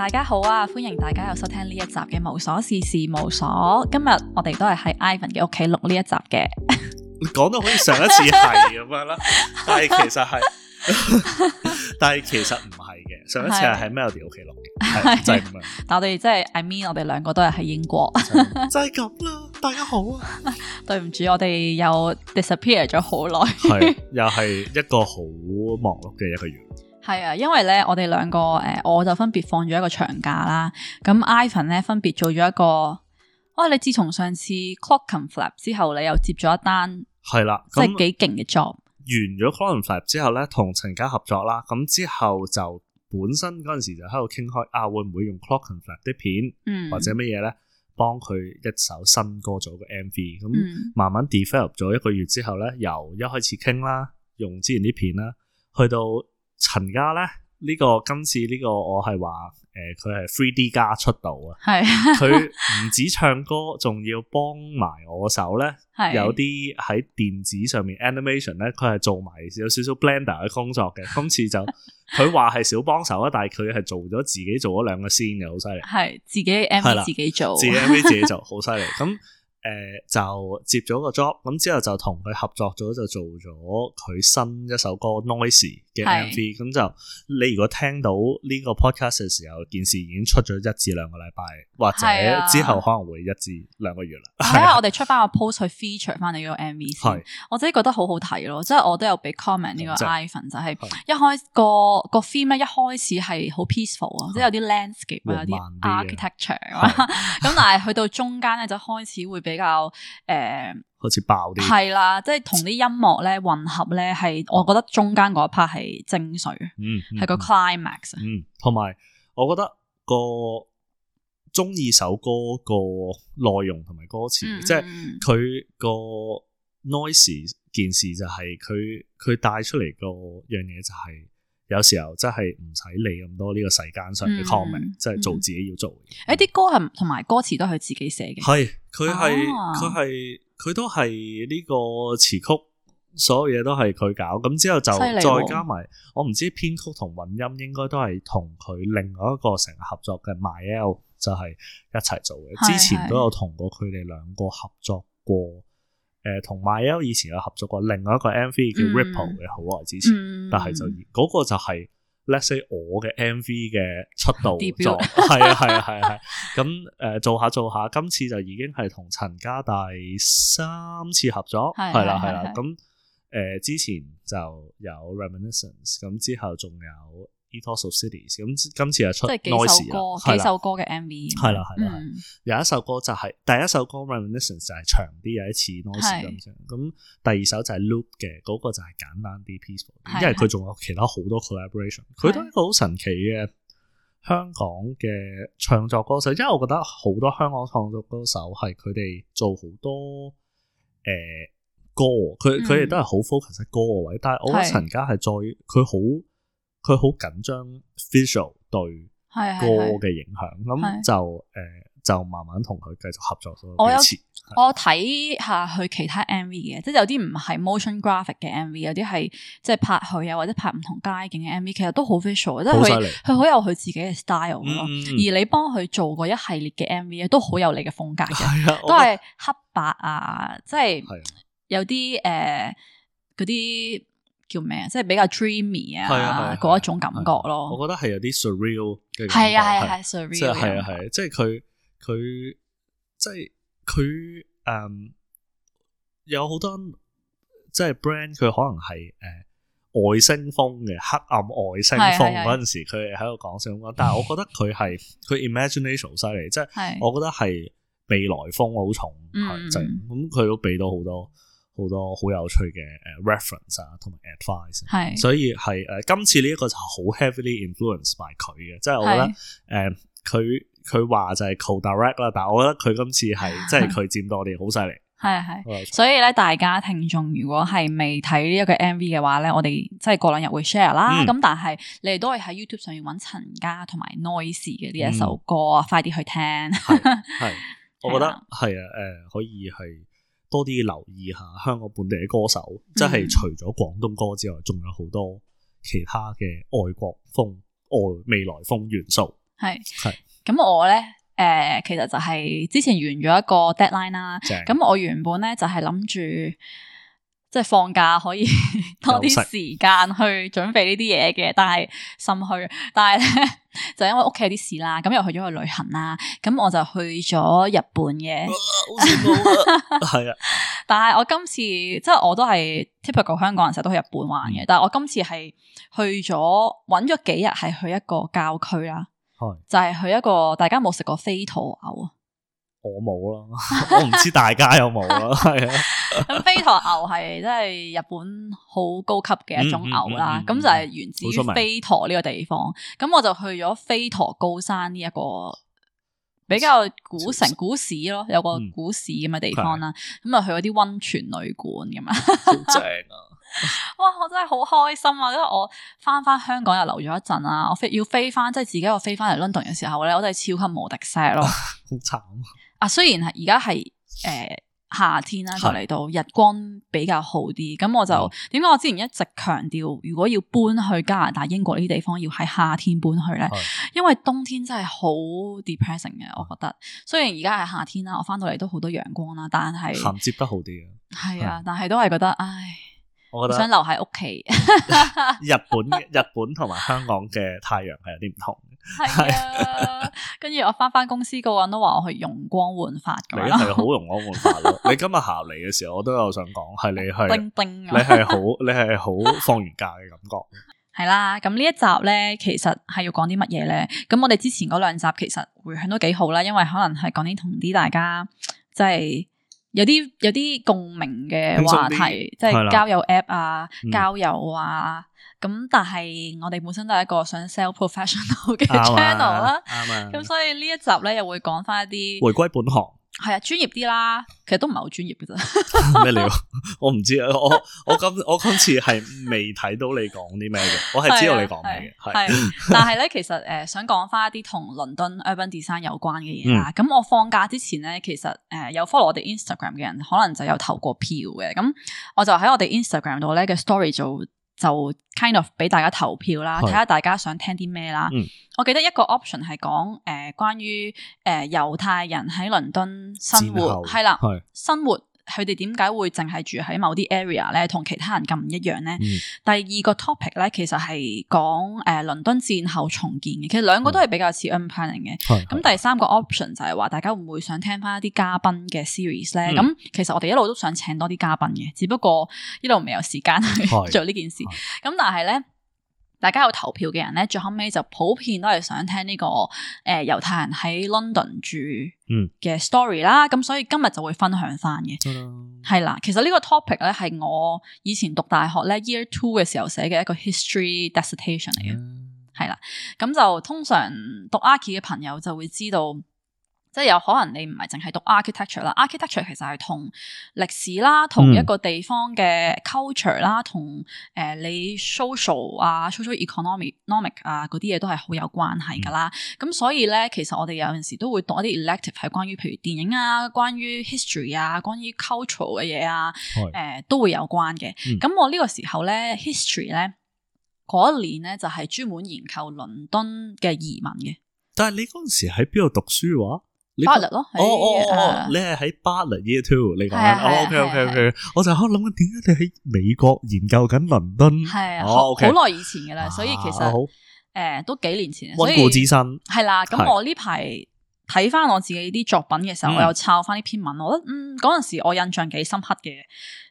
大家好啊！歡迎大家又收聽呢一集嘅無瑣事事務所。今日我哋都係喺 Ivan 嘅屋企錄呢一集嘅。講到好似上一次係咁樣啦， 但係其實係， 但係其實唔係嘅。上一次係喺 Melody 屋企錄嘅，係的就係、是、咁 但我哋即係 I mean，我哋兩個都係喺英國，就係咁啦。大家好啊， 對唔住，我哋又 disappear 咗好耐，係又係一個好忙碌嘅一個月。係啊，因為咧，我哋兩個誒、呃，我就分別放咗一個長假啦。咁 Ivan 咧分別做咗一個，哇、哦！你自從上次 Clockenflap 之後，你又接咗一單，係啦、啊，即係幾勁嘅 job。完咗 Clockenflap 之後咧，同陳家合作啦。咁之後就本身嗰陣時就喺度傾開啊，會唔會用 Clockenflap 啲片、嗯、或者乜嘢咧，幫佢一首新歌做一個 MV？咁、嗯嗯、慢慢 develop 咗一個月之後咧，由一開始傾啦，用之前啲片啦，去到。陳家咧呢、呢個今次呢個我係話誒佢係 three D 家出道啊，佢唔是 止唱歌，仲要幫埋我手咧。是有啲喺電子上面 animation 咧，佢係做埋有少少 blender 嘅工作嘅。今次就佢話係少幫手啊，但係佢係做咗自己做咗兩個先嘅，好犀利。係自己 m 自己做，自己 MV 自己做好犀利。咁誒、 呃、就接咗個 job，咁之後就同佢合作咗，就做咗佢新一首歌《Noise》。嘅 MV 咁就，你如果聽到呢個 podcast 嘅時候，件事已經出咗一至兩個禮拜，或者之後可能會一至兩個月啦。睇下我哋出翻個 post 去 feature 翻你個 MV 先，我自己覺得好好睇咯，即係我都有俾 comment 呢個 iPhone，就係一開個個 theme 一開始係好 peaceful 啊，即係有啲 landscape 啊，有啲 architecture 啊，咁但係去到中間咧就開始會比較誒。好似爆啲，係啦，即係同啲音樂咧混合咧，係我覺得中間嗰一 part 係精髓，嗯，係個 climax，嗯，同埋、嗯、我覺得個中意首歌個內容同埋歌詞，即係佢個 noise 件事就係佢佢帶出嚟個樣嘢就係，有時候真係唔使理咁多呢個世間上嘅 comment，即係做自己要做嘅。嘢、嗯。誒、欸，啲歌係同埋歌詞都係佢自己寫嘅，係佢係佢係。佢都係呢個詞曲，所有嘢都係佢搞。咁之後就再加埋，哦、我唔知編曲同混音應該都係同佢另外一個成日合作嘅 My L 就係一齊做嘅。的之前都有同過佢哋兩個合作過，誒同 My L 以前有合作過，另外一個 MV 叫 Ripple，嗯《Ripple》嘅好耐之前，嗯、但係就嗰、那個就係、是。Let's say 我嘅 MV 嘅出道作係 啊係啊係啊係咁誒做下做下，今次就已經係同陳家第三次合作係啦係啦咁誒之前就有 Reminiscence，咁之後仲有。《Eternal Cities》今次又出，幾首歌，N ICE 的幾首歌嘅 MV。係啦係啦，嗯、有一首歌就係、是、第一首歌《Reminiscence》就係長啲，有一次 n 多時間咁。的第二首就係 Loop 嘅，嗰、那個就係簡單啲 Peaceful，的因為佢仲有其他好多 Collaboration 的。佢都係一個好神奇嘅香港嘅創作歌手，因為我覺得好多香港創作歌手係佢哋做好多誒、呃、歌，佢佢哋都係好 focus 喺歌位，但係我覺得陳家係再佢好。佢好緊張 visual 對歌嘅影響，咁就誒、呃、就慢慢同佢繼續合作咗幾次。我睇下佢其他 MV 嘅，即係有啲唔係 motion graphic 嘅 MV，有啲係即係拍佢啊，或者拍唔同街景嘅 MV，其實都好 visual，即係佢佢好有佢自己嘅 style 咯、嗯。而你幫佢做過一系列嘅 MV 咧，都好有你嘅風格嘅，嗯、都係黑白啊，即係對、嗯、有啲誒嗰啲。嗯就是叫咩？即係比較 dreamy 啊，嗰一種感覺咯。我覺得係有啲 surreal 嘅感覺。係啊係啊係 surreal，即係係啊係啊，即係佢佢即係佢誒有好多即係 brand，佢可能係誒外星風嘅黑暗外星風嗰陣時，佢喺度講先講。但係我覺得佢係佢 imagination 犀利，即係我覺得係未來風好重，係就咁。佢都俾到好多。好多好有趣嘅誒 reference 啊，同埋 advice，係，所以係誒今次呢一個就好 heavily influenced by 佢嘅，是即係我覺得誒佢佢話就係 co-direct 啦，但係我覺得佢今次係即係佢佔到我哋好犀利，係係， 很很所以咧，大家聽眾如果係未睇呢一個 MV 嘅話咧，我哋即係過兩日會 share 啦。咁、嗯、但係你哋都係喺 YouTube 上面揾陳家同埋 Noise 嘅呢一首歌，啊、嗯，快啲去聽，係 是我覺得係、嗯、啊，誒可以係。多啲留意下香港本地嘅歌手，即係除咗廣東歌之外，仲有好多其他嘅外國風、外未來風元素。係是，係是。咁我呢，誒、呃，其實就係之前完咗一個 deadline 啦正。咁我原本呢就係諗住。即係放假可以多啲時間去準備呢啲嘢嘅，但係心虛，但係咧 就因為屋企有啲事啦，咁又去咗去旅行啦，咁我就去咗日本嘅，係啊，啊 的但係我今次即係我都係 typical 香港人成日都去日本玩嘅，但係我今次係去咗搵咗幾日係去一個郊區啦， 就係去一個大家冇食過飛驒牛。我冇咯，我唔知大家有冇咯，係啊。咁飛駝牛係真係日本好高級嘅一種牛啦，咁就係源自於飛陀呢個地方。咁我就去咗飛陀高山呢一個比較古城古市咯，有個古市咁嘅地方啦。咁啊去咗啲溫泉旅館咁樣，好正啊！哇，我真係好開心啊！因為我翻翻香港又留咗一陣啦，我飛要飛翻即係自己我飛翻嚟 London 嘅時候咧，我真係超級無敵 set 咯，好慘。啊，雖然係而家係誒夏天啦，啊，嚟到是日光比較好啲，咁我就點解是我之前一直強調，如果要搬去加拿大、英國呢啲地方，要喺夏天搬去咧？是因為冬天真係好 depressing 嘅，我覺得。是雖然而家係夏天啦，啊，我翻到嚟都好多陽光啦，啊，但係銜接得好啲嘅。係啊，但係都係覺得，唉，我覺得想留喺屋企。 日本、日本同埋香港嘅太陽係有啲唔同。係啊，跟住 我翻翻公司嗰人都話我去容光煥發噶啦，你係好容光煥發咯。你今日下嚟嘅時候，我都有想講，係你係，叮叮啊，你係好，你係好放完假嘅感覺。係啦， 咁呢一集咧，其實係要講啲乜嘢咧？咁我哋之前嗰兩集其實回響都幾好啦，因為可能係講啲同啲大家即係、就是、有啲有啲共鳴嘅話題，即係交友 App 啊，了交友啊，交友啊。嗯。咁但係我哋本身都係一個想 sell professional 嘅 channel 啦，咁、嗯嗯、所以呢一集咧又會講翻一啲回歸本行，係啊專業啲啦，其實都唔係好專業嘅啫。咩料？ 我唔知啊，我我今我今次係未睇到你講啲咩嘅， 我係知道你講咩嘅。係，但係咧其實誒、呃、想講翻一啲同倫敦 Urban Design 有關嘅嘢啊。咁、嗯、我放假之前咧，其實誒、呃、有 follow 我哋 Instagram 嘅人，可能就有投過票嘅。咁我就喺我哋 Instagram 度咧嘅 story 做。就 kind of 俾大家投票啦，睇下是大家想聽啲咩啦。嗯、我記得一個 option 係講誒、呃、關於誒猶太人喺倫敦生活，係啦，生活。佢哋點解會淨係住喺某啲 area 咧，同其他人咁唔一樣咧？嗯、第二個 topic 咧，其實係講誒倫敦戰後重建嘅，其實兩個都係比較似 urban planning 嘅。咁、嗯、第三個 option 就係話，大家會唔會想聽翻一啲嘉賓嘅 series 咧？咁、嗯、其實我哋一路都想請多啲嘉賓嘅，只不過一路未有時間去做呢件事。咁、嗯嗯、但係咧。大家有投票嘅人咧，最後尾就普遍都係想聽呢、這個誒、呃、猶太人喺 London 住嘅 story 啦，咁、嗯、所以今日就會分享翻嘅，係、嗯、啦。其實個呢個 topic 咧係我以前讀大學咧 year two 嘅時候寫嘅一個 history dissertation 嚟嘅，係、嗯、啦。咁就通常讀 Archi 嘅朋友就會知道，即係有可能你唔係淨係讀 architecture 啦，architecture 其實係同歷史啦，同一個地方嘅 culture 啦、嗯，同誒、呃、你 social 啊、social economy、economic 啊嗰啲嘢都係好有關係噶啦。咁、嗯、所以咧，其實我哋有陣時都會讀一啲 elective 係關於譬如電影啊、關於 history 啊、關於 cultural 嘅嘢啊，誒是、呃、都會有關嘅。咁、嗯、我呢個時候咧，history 咧嗰一年咧就係、是、專門研究倫敦嘅移民嘅。但係你嗰陣時喺邊度讀書嘅話？巴勒咯，哦哦哦，你係喺巴勒 year two，你講，OK，OK，OK，我就喺度諗緊點解你喺美國研究緊倫敦，係啊，好耐以前嘅啦，所以其實誒都幾年前溫故知新。係啦。咁我呢排睇翻我自己啲作品嘅時候，我又抄翻啲篇文，我覺得嗯嗰陣時我印象幾深刻嘅，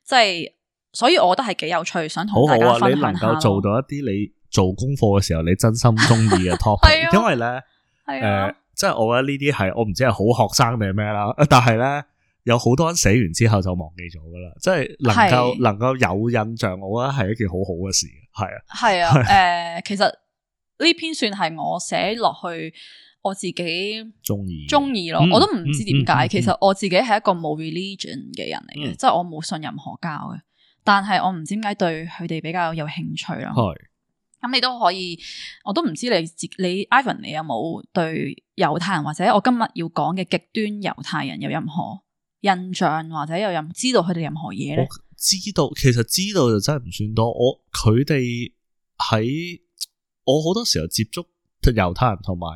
即係，所以我覺得係幾有趣，想同大家分享下咯。好啊，你能夠做到一啲你做功課嘅時候你真心中意嘅 topic，因為咧，誒。即係我覺得呢啲係我唔知係好學生定係咩啦。但係咧，有好多人寫完之後就忘記咗噶啦。即係能夠、啊、能夠有印象，我覺得係一件好好嘅事，係啊，係啊。誒、啊呃，其實呢篇算係我寫落去我自己中意中意咯。我都唔知點解。嗯嗯嗯嗯、其實我自己係一個冇 religion 嘅人嚟嘅，即係、嗯、我冇信任何教嘅。但係我唔知點解對佢哋比較有興趣咯。的咁你都可以，我都唔知你自你 Ivan 你有冇對猶太人或者我今日要講嘅極端猶太人有任何印象，或者有任知道佢哋任何嘢咧？我知道，其實知道就真係唔算多。我佢哋喺我好多時候接觸猶太人同埋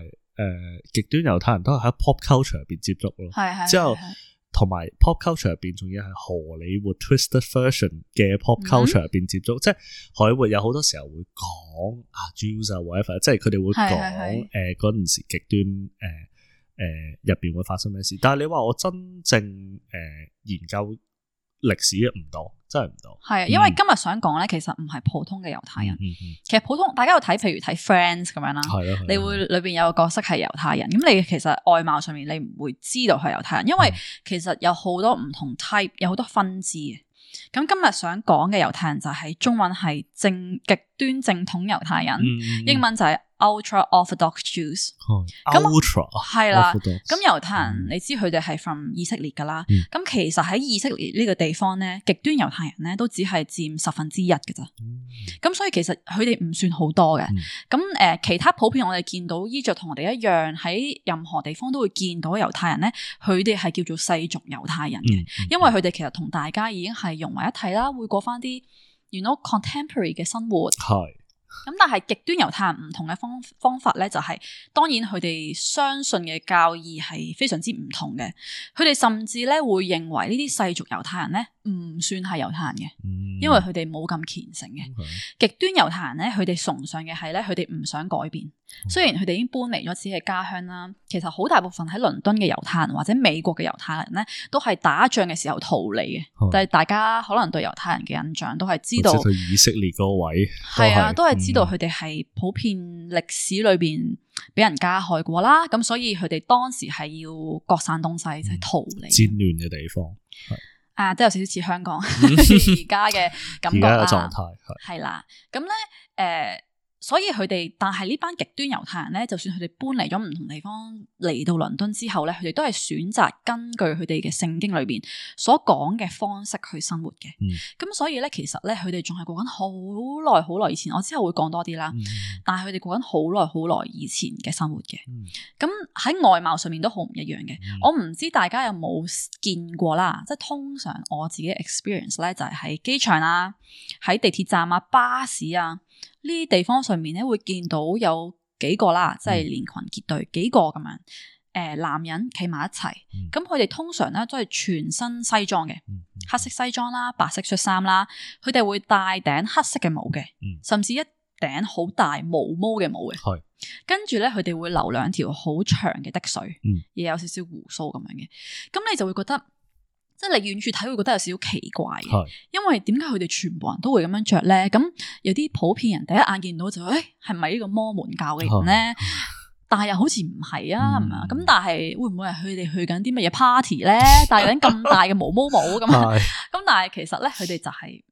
誒極端猶太人都係喺 pop culture 入邊接觸咯。係係是之後。係係係係係。同埋 pop culture 入邊，仲要係荷里活 twisted version 嘅 pop culture 入邊接觸，嗯、即係荷里活有好多時候會講啊，use、啊、whatever 即係佢哋會講誒嗰陣時極端誒誒入邊會發生咩事，但係你話我真正誒、呃、研究。歷史唔多，真係唔多。係啊，因為今日想講咧，其實唔係普通嘅猶太人。嗯、其實普通大家有睇，譬如睇 Friends 咁樣啦，係啊，你會裏面有個角色係猶太人。咁你其實外貌上面你唔會知道係猶太人，因為其實有好多唔同 type，有好多分支嘅。咁今日想講嘅猶太人就係中文係正極端正統猶太人，嗯、英文就係、是。Ultra Orthodox Jews，Ultra 係啦，咁猶太人你知佢哋係從以色列噶啦，咁、嗯、其實喺以色列呢個地方咧，極端猶太人咧都只係佔十分之一噶咋，咁、嗯、所以其實佢哋唔算好多嘅，咁誒、嗯呃、其他普遍我哋見到衣着同我哋一樣，喺任何地方都會見到猶太人咧，佢哋係叫做世俗猶太人嘅，嗯嗯、因為佢哋其實同大家已經係融為一體啦，會過翻啲，如果 you know, contemporary 嘅生活係。咁但係極端猶太人唔同嘅方方法咧，就是，就係當然佢哋相信嘅教義係非常之唔同嘅。佢哋甚至咧會認為呢啲世俗猶太人咧唔算係猶太人嘅，嗯、因為佢哋冇咁虔誠嘅。極 Okay. 端猶太人咧，佢哋崇尚嘅係咧，佢哋唔想改變。雖然佢哋已經搬離咗自己嘅家鄉啦，其實好大部分喺倫敦嘅猶太人或者美國嘅猶太人咧，都係打仗嘅時候逃離嘅。但係、嗯、大家可能對猶太人嘅印象都係知道以色列嗰位係啊，都係知道佢哋係普遍歷史裏邊俾人加害過啦。咁、嗯、所以佢哋當時係要各散東西，即、就、係、是、逃離戰亂嘅地方。啊，都有少少似香港而家嘅感覺啦。狀態係係啦。咁咧，誒是。嗯所以佢哋，但係呢班極端猶太人咧，就算佢哋搬嚟咗唔同地方，嚟到倫敦之後咧，佢哋都係選擇根據佢哋嘅聖經裏邊所講嘅方式去生活嘅。咁、嗯、所以咧，其實咧，佢哋仲係過緊好耐好耐以前，我之後會講多啲啦。嗯、但係佢哋過緊好耐好耐以前嘅生活嘅。咁喺、嗯、外貌上面都好唔一樣嘅。嗯、我唔知大家有冇見過啦。即係通常我自己 experience 咧，就係喺機場啊、喺地鐵站啊、巴士啊。呢啲地方上面咧，會見到有幾個啦，嗯、即係連群結隊幾個咁樣，誒、呃，男人企埋一齊，咁佢哋通常咧都係全身西裝嘅，嗯嗯、黑色西裝啦，白色恤衫啦，佢哋會戴頂黑色嘅帽嘅，嗯、甚至一頂好大毛毛嘅帽嘅，係是，跟住咧佢哋會留兩條好長嘅滴水，亦、嗯、有少少鬍鬚咁樣嘅，咁你就會覺得。即係你遠處睇，會覺得有少少奇怪是因為點解佢哋全部人都會咁樣着咧？咁有啲普遍人第一眼見到就誒，係咪呢個摩門教嘅人咧？是但係又好似唔係啊，咁、嗯、但係會唔會係佢哋去緊啲乜嘢 party 咧？戴緊咁大嘅毛毛帽咁，咁 是但係其實咧，佢哋就係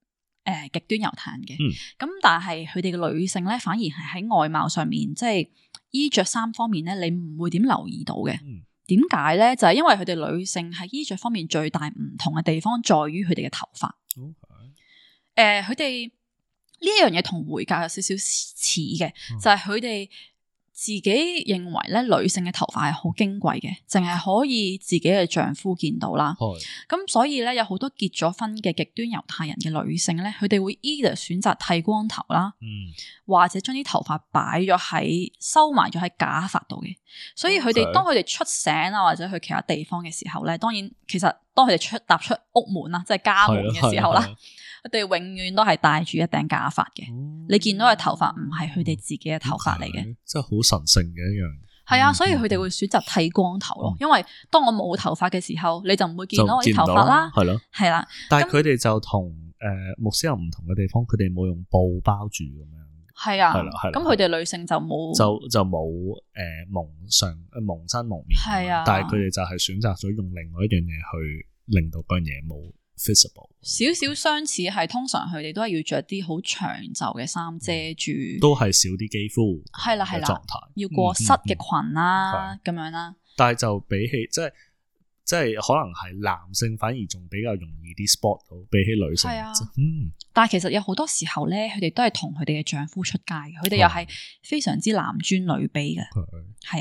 誒極端猶太人嘅，咁、嗯、但係佢哋嘅女性咧，反而係喺外貌上面，即、就、係、是、衣着衫方面咧，你唔會點留意到嘅。嗯點解咧？就係、是、因為佢哋女性喺衣着方面最大唔同嘅地方在於，在於佢哋嘅頭髮。誒，佢哋呢樣嘢同回教有少少似嘅，就係佢哋。自己認為咧，女性嘅頭髮係好矜貴嘅，淨係可以自己嘅丈夫見到啦。咁 所以咧，有好多結咗婚嘅極端猶太人嘅女性咧，佢哋會 either 選擇剃光頭啦，嗯、或者將啲頭髮擺咗喺收埋咗喺假髮度嘅。所以佢哋的當佢哋出醒啊，或者去其他地方嘅時候咧，當然其實當佢哋出踏出屋門啦，即、就、係、是、家門嘅時候啦。佢哋永遠都係戴住一頂假髮嘅，你見到嘅頭髮唔係佢哋自己嘅頭髮嚟嘅，即係好神聖嘅一樣。係啊，所以佢哋會選擇剃光頭咯。因為當我冇頭髮嘅時候，你就唔會見到我啲頭髮啦。係咯，係啦。但係佢哋就同誒，牧師又唔同嘅地方，佢哋冇用布包住咁樣。係啊，係啦。咁佢哋女性就冇，就就冇誒蒙上蒙身蒙面。係啊，但係佢哋就係選擇咗用另外一樣嘢去令到嗰樣嘢冇。Visible. 少少相似係，通常佢哋都係要着啲好長袖嘅衫遮住，嗯、都係少啲肌膚嘅狀態，係啦係啦，要過膝嘅裙啦、啊、咁、嗯嗯、樣啦，但係就比起即係。就是即係可能係男性反而仲比較容易啲 spot 到，比起女性。係啊，嗯。但係其實有好多時候咧，佢哋都係同佢哋嘅丈夫出街，佢哋又係非常之男尊女卑嘅。係、哦、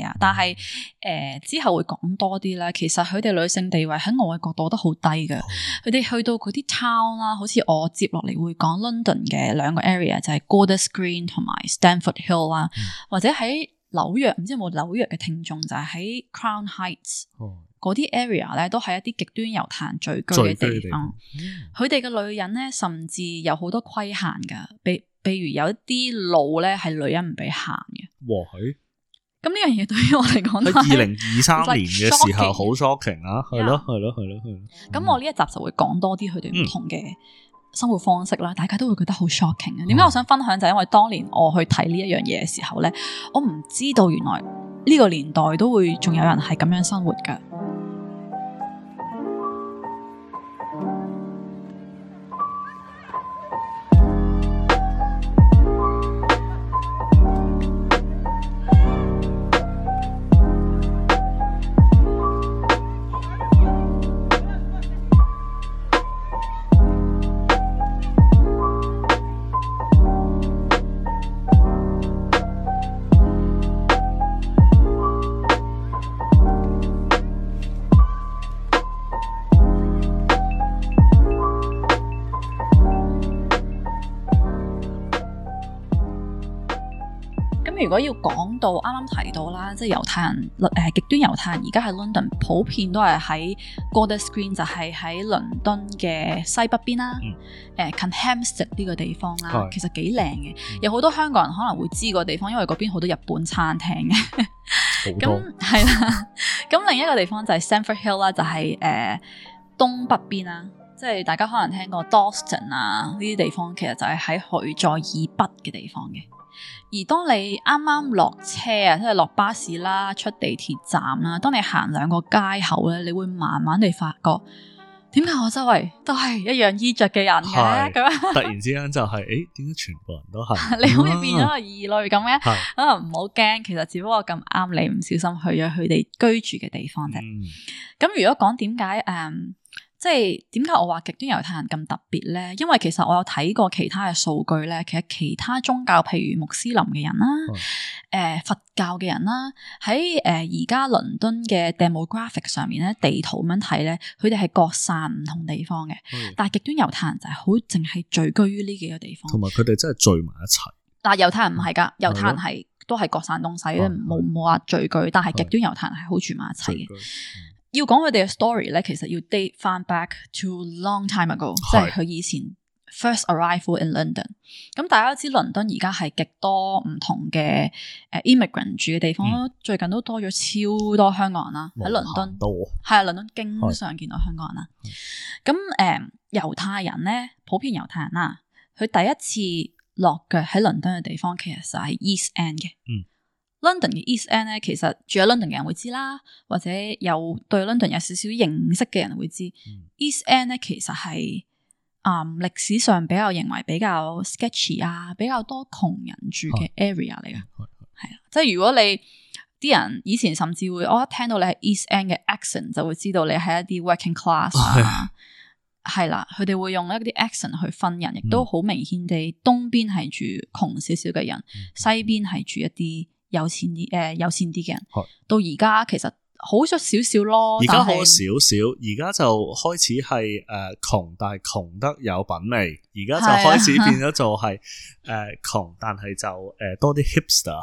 啊。嗯、但係誒、呃、之後會講多啲啦。其實佢哋女性地位喺我嘅角度都好低噶。佢哋、哦、去到嗰啲 town 啦，好似我接落嚟會講 London 嘅兩個 area 就係 Golders Green 同埋 Stamford Hill 啦、嗯，或者喺紐約，唔知有冇紐約嘅聽眾就係、是、喺 Crown Heights、哦。嗰啲 area 咧，都係一啲極端猶太聚居嘅地方。佢哋嘅女人咧，甚至有好多規限噶，譬比，比如有一啲路咧，係女人唔俾行嘅。哇！咁呢樣嘢對於我嚟講，喺二零二三年嘅時候好 shocking 啊！係咯，係咯，係咯，係咯。咁、嗯、我呢一集就會講多啲佢哋唔同嘅生活方式啦，嗯、大家都會覺得好 shocking 啊！點解我想分享就係、因為當年我去睇呢一樣嘢嘅時候咧，我唔知道原來呢個年代都會仲有人係咁樣生活噶。如果要講到啱啱提到啦，即係猶太人誒、呃、極端猶太人在在，而家喺 London 普遍都係喺 Golders Green 就係喺倫敦嘅西北邊啦，誒近 Hampstead 呢個地方啦，嗯、其實幾靚嘅，嗯、有好多香港人可能會知個地方，因為嗰邊好多日本餐廳嘅，咁係啦。咁 另一個地方就係 Stamford Hill 啦、就是，就係誒東北邊啦，即係大家可能聽過 Dalston 啊呢啲地方，其實就係喺佢再以北嘅地方嘅。而當你啱啱落車啊，即係落巴士啦，出地鐵站啦，當你行兩個街口咧，你會慢慢地發覺，點解我周圍都係一樣衣着嘅人嘅？咁樣是 突然之間就係、是，誒，點解全部人都係？你好似變咗個異類咁嘅？可能唔好驚，其實只不過咁啱你唔小心去咗佢哋居住嘅地方啫。咁、嗯、如果講點解誒？嗯即係點解我話極端猶太人咁特別咧？因為其實我有睇過其他嘅數據咧，其實其他宗教譬如穆斯林嘅人啦，誒佛教嘅人啦，喺誒而家倫敦嘅 demographic 上面咧，地圖咁樣睇咧，佢哋係各散唔同地方嘅，但係極端猶太人就係好淨係聚居於呢幾個地方，同埋佢哋真係聚埋一齊。嗱，猶太人唔係噶，猶太人係都係各散東西啦，冇冇話聚居，但係極端猶太人係好住埋一齊嘅。要講佢哋嘅 story 咧，其實要 date 翻 back to long time ago，即係佢以前 first arrival in London。咁大家都知倫敦而家係極多唔同嘅誒 immigrant 住嘅地方咯，嗯、最近都多咗超多香港人啦。喺倫敦係啊，倫敦經常見到香港人啦。咁誒是，猶、嗯呃、太人咧，普遍猶太人啦，佢第一次落腳喺倫敦嘅地方其實就係 East End 嘅。嗯 London 嘅 East End 咧，其實住喺 London 嘅人會知啦，或者有對 London 有少少認識嘅人會知、嗯、East End 咧其實係啊、嗯、歷史上比較認為比較 sketchy 啊，比較多窮人住嘅 area 嚟嘅，係啦、嗯，即係如果你啲人以前甚至會，我一聽到你係 East End 嘅 accent 就會知道你係一啲 working class 啊、哎呀，係啦，佢哋會用一啲 accent 去分人，亦都好明顯地，嗯、東邊係住窮少少嘅人，嗯、西邊係住一啲有錢啲誒，有錢啲嘅人，到而家其實好咗少少咯。而家好少少，而家就開始係誒窮，但係窮得有品味。而家就開始變咗做係誒窮，但係就誒、呃、多啲 hipster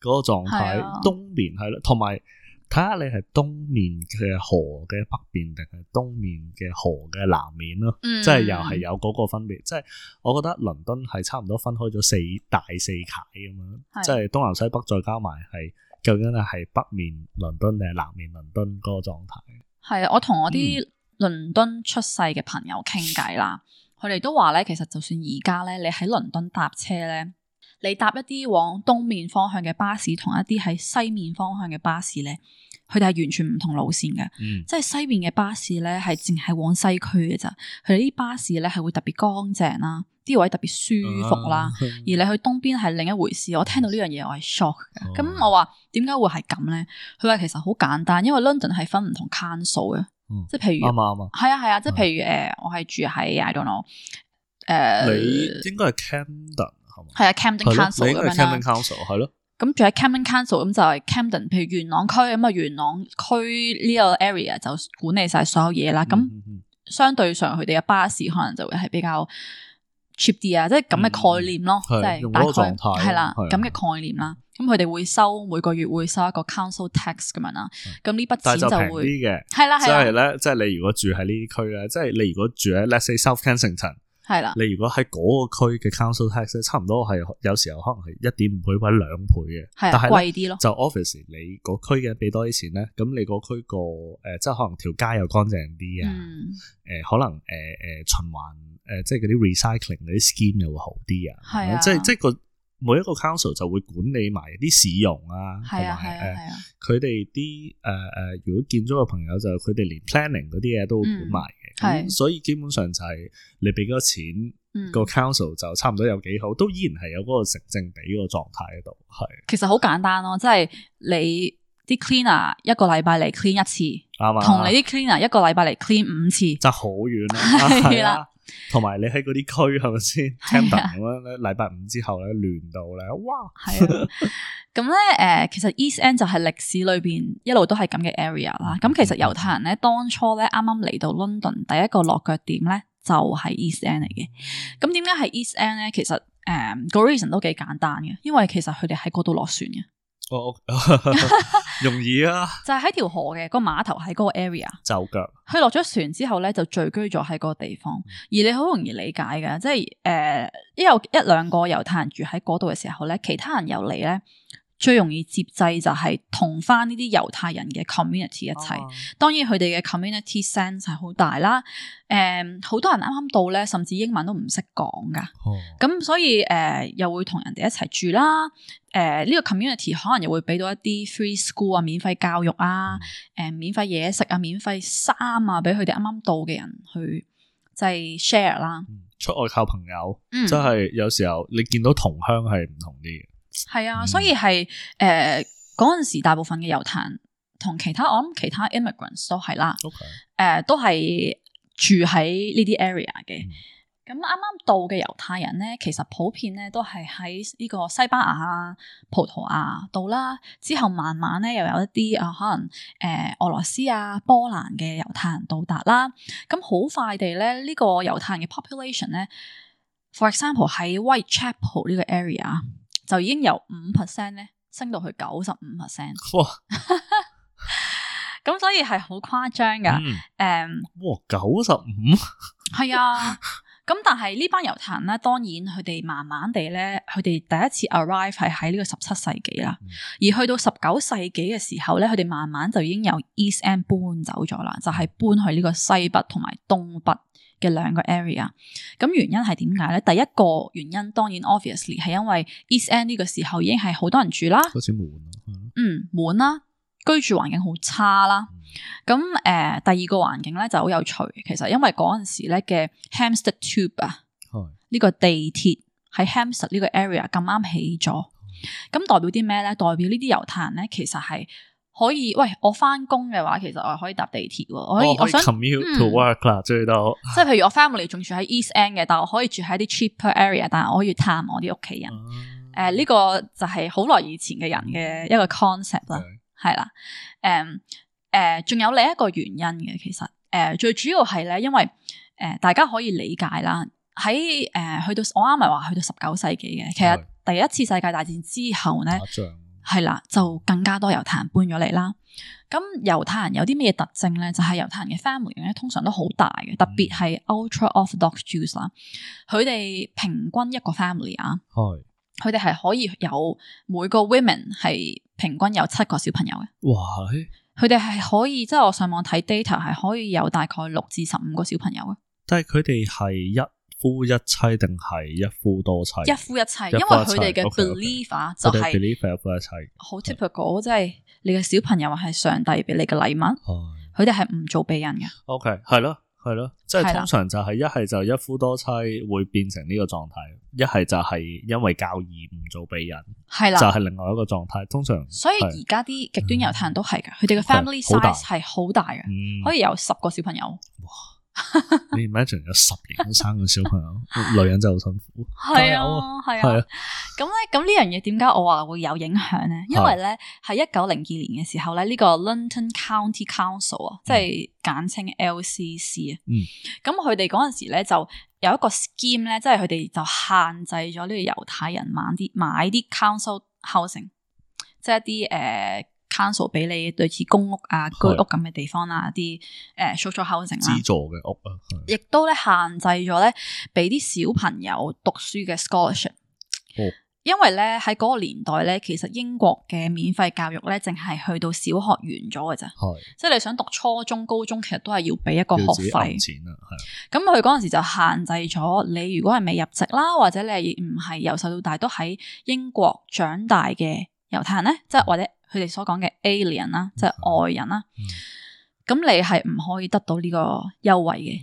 嗰個狀態。冬年係咯，同埋。睇下你係東面嘅河嘅北邊定係東面嘅河嘅南面咯、嗯，即係又係有嗰個分別。即係我覺得倫敦係差唔多分開咗四大四界咁樣，是即係東南西北再加埋係究竟係北面倫敦定係南面倫敦嗰個狀態。係啊，我同我啲倫敦出世嘅朋友傾偈啦，佢哋、嗯、都話咧，其實就算而家咧，你喺倫敦搭車咧。你搭一啲往東面方向嘅巴士，同一啲喺西面方向嘅巴士咧，佢哋係完全唔同路線嘅。即係西面嘅巴士咧，係淨係往西區嘅咋。佢啲巴士咧係會特別乾淨啦，啲位特別舒服啦。而你去東邊係另一回事。我聽到呢樣嘢我係 shock 嘅。咁我話點解會係咁咧？佢話其實好簡單，因為 London 係分唔同 council 嘅。即係譬如啱啊啱啊。係啊係啊，即係譬如誒，我係住喺 I don't know 誒，應該係 Cam 係啊，Camden Council 咁樣咯。咁住喺 Camden Council 咁就係 Camden，譬如元朗區咁啊，元朗區呢個 area 就管理晒所有嘢啦。咁相對上佢哋嘅巴士可能就會係比較 cheap 啲啊，即係咁嘅概念咯，即係大概係啦，咁嘅概念啦。咁佢哋會收每個月會收一個 Council Tax 咁樣啦。咁呢筆錢就會啲嘅，係啦係啦。即係咧，即係你如果住喺呢啲區咧，即係你如果住喺 Let's say South Kensington。係啦，你如果喺嗰個區嘅 Council Tax 差唔多係有時候可能係一點五倍或者兩倍嘅，但係貴啲咯。就 Office 你嗰區嘅俾多啲錢咧，咁你嗰區個誒即係可能條街又乾淨啲啊，誒可能誒誒循環誒即係嗰啲 recycling 嗰啲 Scheme 又會好啲啊。係啊，即係即係個每一個 Council 就會管理埋啲市容啊，同埋誒佢哋啲誒誒，如果見咗個朋友就佢哋連 planning 嗰啲嘢都會管埋。係、嗯，所以基本上就係你俾咗錢，嗯、個 council 就差唔多有幾好，都依然係有嗰個成正比個狀態喺度。係，其實好簡單咯、啊，即、就、係、是、你啲 cleaner 一個禮拜嚟 clean 一次，啱嘛？同你啲 cleaner 一個禮拜嚟 clean 五次，就好遠啦。 的 同埋你喺嗰啲區係咪先？等等啦，禮拜、啊、五之後咧亂到咧，哇！係啊，咁咧誒，其實 East End 就係歷史裏邊一路都係咁嘅 area 啦、嗯。咁其實猶太人咧當初咧啱啱嚟到 London，第一個落腳點咧就係、是、East End 嚟嘅。咁點解係 East End 咧？其實誒個 reason 都幾簡單嘅，因為其實佢哋喺嗰度落船嘅。哦 okay. 容易啊！就係喺條河嘅個碼頭喺嗰個 area，就腳佢落咗船之後咧就聚居咗喺嗰個地方。嗯、而你好容易理解嘅，即係誒、呃，有一兩個猶太人住喺嗰度嘅時候咧，其他人又嚟咧。最容易接濟就係同翻呢啲猶太人嘅 community 一齊，啊、當然佢哋嘅 community sense 係好大啦。誒、嗯，好多人啱啱到咧，甚至英文都唔識講噶。咁、哦、所以誒、呃，又會同人哋一齊住啦。誒、呃，呢、呢個 community 可能又會俾到一啲 free school 啊，免費教育啊，誒、嗯呃，免費嘢食啊，免費衫啊，俾佢哋啱啱到嘅人去，就係、係、share 啦、嗯。出外靠朋友，即係、嗯、有時候你見到同鄉係唔同啲嘅。係啊，嗯、所以係誒嗰陣時，大部分嘅猶太人同其他我諗其他 immigrants 都係啦，誒 Okay.、呃、都係住喺呢啲 area 嘅。咁啱啱到嘅猶太人咧，其實普遍咧都係喺呢個西班牙啊、葡萄牙度啦。之後慢慢咧又有一啲啊，可能誒俄羅斯啊、波蘭嘅猶太人到達啦。咁好快地咧，呢、這個猶太人嘅 population 咧，for example 喺 White Chapel 呢個 area、嗯。就已經由五 percent 咧升到去九十五 percent。哇！咁所以係好誇張噶。誒，哇九十五。係啊，咁哇但係呢班猶太咧，當然佢哋慢慢地咧，佢哋第一次 arrive 係喺呢個十七世紀啦。Mm. 而去到十九世紀嘅時候咧，佢哋慢慢就已經由 East End 搬走咗啦，就係、是、搬去呢個西北同埋東北。嘅兩個 area，咁原因係點解咧？第一個原因當然 obviously 係因為 East End 呢個時候已經係好多人住啦，好似滿嗯，滿啦，居住環境好差啦。咁誒、嗯呃、第二個環境咧就好有趣，其實因為嗰陣時咧嘅 Hampstead Tube 啊，呢個地鐵喺 Hampstead 呢個 area 咁啱起咗，咁、嗯、代表啲咩咧？代表呢啲猶太人咧其實係。可以喂，我翻工嘅話，其實我可以搭地鐵。我可以我想 commute to work 啦、嗯，最多。即係譬如我 family 仲住喺 East End 嘅，但係我可以住喺啲 cheaper area，但係我可以探我啲屋企人。誒、嗯，呢、呃，這個就係好耐以前嘅人嘅一個 concept、嗯 okay，啦，係、呃、啦。誒、呃、誒，仲有另一個原因嘅，其實誒、呃、最主要係咧，因為誒、呃、大家可以理解啦。喺誒、呃、去到我啱咪話去到十九世紀嘅，其實第一次世界大戰之後咧。係啦，就更加多猶太人搬咗嚟啦。咁猶太人有啲咩特徵咧？就係、是、猶太人嘅 family 咧，通常都好大嘅，特別係 Ultra Orthodox Jews 啦。佢哋平均一個 family 啊，係佢哋係可以有每個 women 係平均有七個小朋友嘅。哇喂！佢哋係可以，即、就、係、是、我上網睇 data 係可以有大概六至十五個小朋友啊。但係佢哋係一夫一妻定係一夫多妻？一夫一妻，因為佢哋嘅 belief 就係一夫一妻。好 typical，即係你嘅小朋友話係上帝俾你嘅禮物，佢哋係唔做避孕嘅。OK，係咯，係咯，即係通常就係一係就一夫多妻會變成呢個狀態，一係就係因為教義唔做避孕，係啦，就係另外一個狀態。通常所以而家啲極端猶太人都係噶，佢哋嘅 family size 係好大嘅，可以有十個小朋友。 你唔 m 一 g 有十年生個小朋友， 女人真係好辛苦。係啊，係啊。咁咧、啊，咁呢、啊、樣嘢點解我話會有影響咧？ 因為咧，喺一九零二年嘅時候咧，呢、呢個 London County Council 啊，即係簡稱 LCC 啊。嗯。咁佢哋嗰陣時咧就有一個 scheme 咧，即係佢哋就限制咗呢個猶太人買啲買啲 Council Housing，即係一啲誒。呃攤數俾你類似公屋啊居屋咁嘅地方啊，啲誒的，social housing 啦，資助嘅屋啊，亦都咧限制咗咧，俾啲小朋友讀書嘅 scholarship，哦、因為咧喺嗰個年代咧，其實英國嘅免費教育咧，淨係去到小學完咗嘅咋。係的，即係你想讀初中、高中，其實都係要俾一個學費錢啦、啊，係，咁佢嗰陣時就限制咗你，如果係未入籍啦，或者你係唔係由細到大都喺英國長大嘅，猶太人咧，即係或者佢哋所講嘅 alien 啦，即係外人啦，咁你係唔可以得到呢個優惠嘅。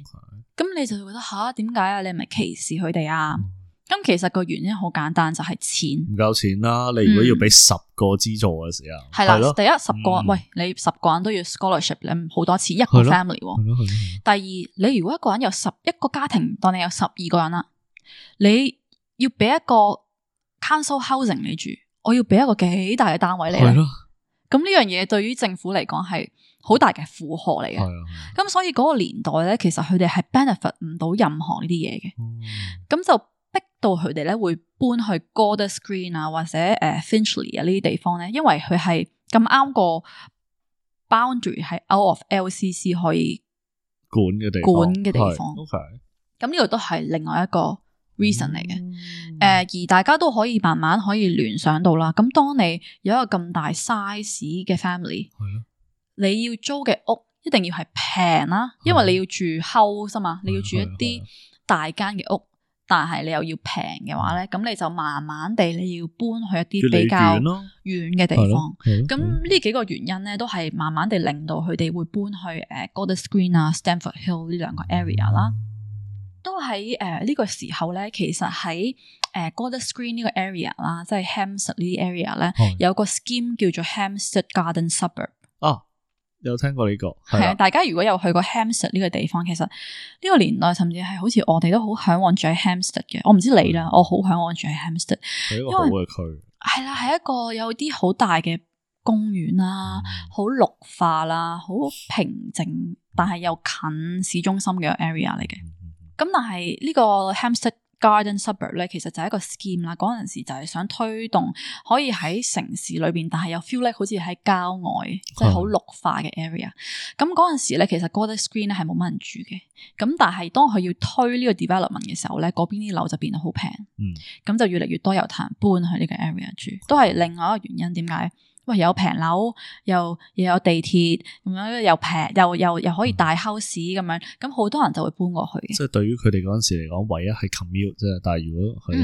咁你就會覺得吓，點解啊？你係咪歧視佢哋啊？咁其實個原因好簡單，就係錢唔夠錢啦。你如果要俾十個資助嘅時候，係啦，第一十個喂你十個人都要 scholarship，你好多錢一個 family。第二，你如果一個人有十一個家庭，當你有十二個人啦，你要俾一個 council housing 你住。我要俾一個幾大嘅單位嚟啦，咁呢的樣嘢對於政府嚟講係好大嘅負荷嚟嘅，咁的所以嗰個年代咧，其實佢哋係 benefit 唔到任何呢啲嘢嘅，咁、嗯、就逼到佢哋咧會搬去 Golders Green 啊或者誒、uh, Finchley 啊呢啲地方咧，因為佢係咁啱個 boundary 係 out of LCC 可以管嘅地管嘅地方，okay，咁呢個都係另外一個。reason 嚟嘅，誒、嗯、而大家都可以慢慢可以聯想到啦。咁當你有一個咁大 size 嘅 family，的你要租嘅屋一定要係平啦，的因為你要住 h o u 睏啊嘛，你要住一啲大間嘅屋，但係你又要平嘅話咧，咁你就慢慢地你要搬去一啲比較遠嘅地方。咁呢幾個原因咧，都係慢慢地令到佢哋會搬去誒 Golden Screen 啊、Stanford Hill 呢兩個 area 啦的。都喺誒呢個時候咧，其實喺誒、呃、Golders Green 呢個 area 啦，即係 Hampstead 呢啲 area 咧，嗯、有個 scheme 叫做 Hampstead Garden Suburb。哦、啊，有聽過呢個係啊！大家如果有去過 Hampstead 呢個地方，其實呢個年代甚至係好似我哋都好向往住喺 Hampstead 嘅。我唔知你啦，的我好向往住喺 Hampstead，的因為一個好嘅區係啦，係一個有啲好大嘅公園啦，好、嗯、綠化啦，好平靜，但係又近市中心嘅 area 嚟嘅。咁但係呢個 Hampstead Garden Suburb 咧，其實就係一個 scheme 啦。嗰陣時就係想推動可以喺城市裏邊，但係又 feel 咧、like、好似喺郊外，即係好綠化嘅 area。咁嗰陣時咧，其實 Golders Green 咧係冇乜人住嘅。咁但係當佢要推呢個 development 嘅時候咧，嗰邊啲樓就變得好平。嗯，咁就越嚟越多猶太人搬去呢個 area 住，都係另外一個原因。點解？喂，有平樓，又又有地鐵，咁樣又平，又又又又可以大 house 咁樣，咁好多人就會搬過去。即係對於佢哋嗰陣時嚟講，唯一係 commute 啫。但係如果佢，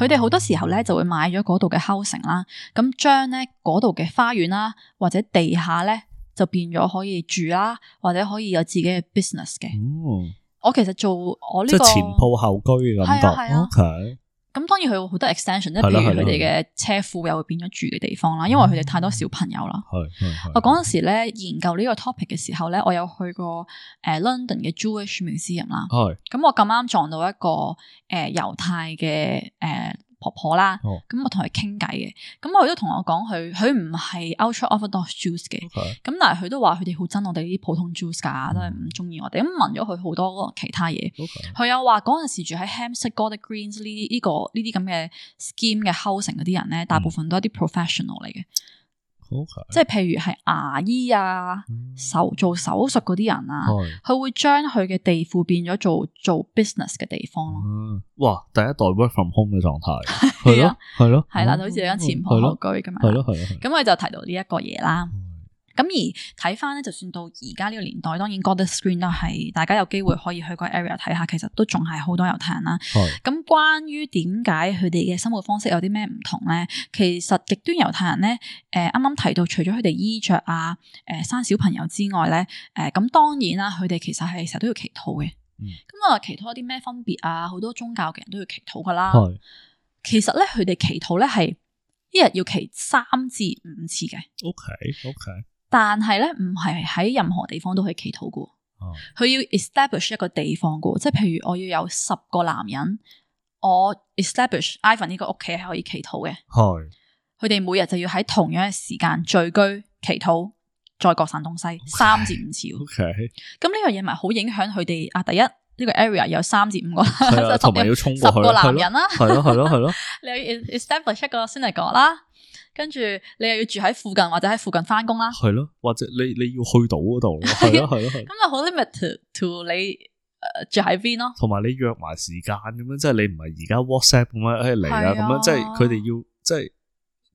佢哋好多時候咧就會買咗嗰度嘅 house 城啦，咁將咧嗰度嘅花園啦或者地下咧就變咗可以住啦，或者可以有自己嘅 business 嘅。嗯、我其實做我呢、這個前鋪後居嘅感覺、啊啊、，OK。咁當然佢有好多 extension，即係譬如佢哋嘅車庫又會變咗住嘅地方啦，因為佢哋太多小朋友啦。係、嗯，我嗰陣時咧研究呢個 topic 嘅時候咧，我有去過誒 London 嘅 Jewish Museum 啦是。係，咁我咁啱撞到一個誒猶太嘅誒。呃婆婆啦，咁、哦、我同佢傾偈嘅，咁佢都同我講佢，佢唔係 Ultra Orthodox Jews 嘅，咁 Okay. 但係佢都話佢哋好憎我哋呢啲普通 Jews 噶，嗯、都係唔中意我哋咁問咗佢好多其他嘢，佢又話嗰陣時住喺 Hampstead Golders Green 呢啲呢個呢啲咁嘅 scheme 嘅 housing 嗰啲人咧，大部分都係啲 professional 嚟嘅。嗯嗯即係譬如係牙醫啊，手做手術嗰啲人啊，佢會將佢嘅地庫變咗做做 business 嘅地方咯。哇，第一代 work from home 嘅狀態，係咯係咯係啦，就好似你間前舖後居咁樣，係咯係咯，咁佢就提到呢一個嘢啦。咁而睇翻咧，就算到而家呢個年代，當然 Golders Green 都係大家有機會可以去個 area 睇下，其實都仲係好多猶太人啦。咁是的 關於點解佢哋嘅生活方式有啲咩唔同咧？其實極端猶太人咧，誒啱啱提到，除咗佢哋衣着啊，誒、呃、生小朋友之外咧，誒、呃、咁當然啦，佢哋其實係成日都要祈禱嘅。咁啊，祈禱有啲咩分別啊？好多宗教嘅人都要祈禱噶啦。是的 其實咧，佢哋祈禱咧係一日要祈三至五次嘅。OK OK。但係咧，唔係喺任何地方都可以祈禱嘅。佢要 establish 一個地方嘅，即、就、係、是、譬如我要有十個男人，我 establish Ivan 呢個屋企係可以祈禱嘅。係嘿，佢哋每日就要喺同樣嘅時間聚居祈禱，再各散東西，三至五次。OK 嘿。咁呢樣嘢咪好影響佢哋啊？第一呢、呢個 area 有三至五個人、 啊、十個要十個男人啦、啊，係咯係咯，啊啊啊啊、 你 establish 一個 synagogue 啦。跟住你又要住喺附近或者喺附近返工啦，係咯，或者你你要去到嗰度，係咯係咯，咁又好 limit to 你住喺邊咯。同埋、 啊啊啊、你約埋時間咁樣，即係你唔係而家 WhatsApp 咁樣誒嚟啦，咁樣、啊、了即係佢哋要即係，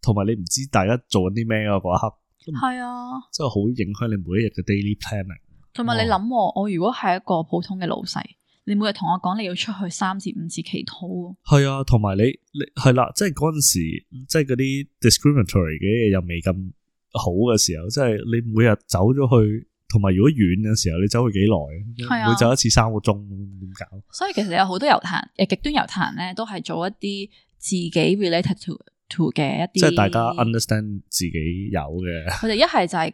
同埋你唔知大家做緊啲咩啊嗰一刻。係啊，即係好影響你每一日嘅 daily planning。同埋你諗我，哦、我如果係一個普通嘅老細。你每日同我講你要出去三至五次祈禱，係啊，同埋你你係啦、啊，即係嗰陣時，即係嗰啲 discriminatory 嘅嘢又未咁好嘅時候，即係你每日走咗去，同埋如果遠嘅時候，你走去幾耐？係啊，會走一次三個鐘，點搞？所以其實有好多猶太，誒，極端猶太咧，都係做一啲自己 related to 嘅一啲，即係大家 understand 自己有嘅。佢哋一係就係誒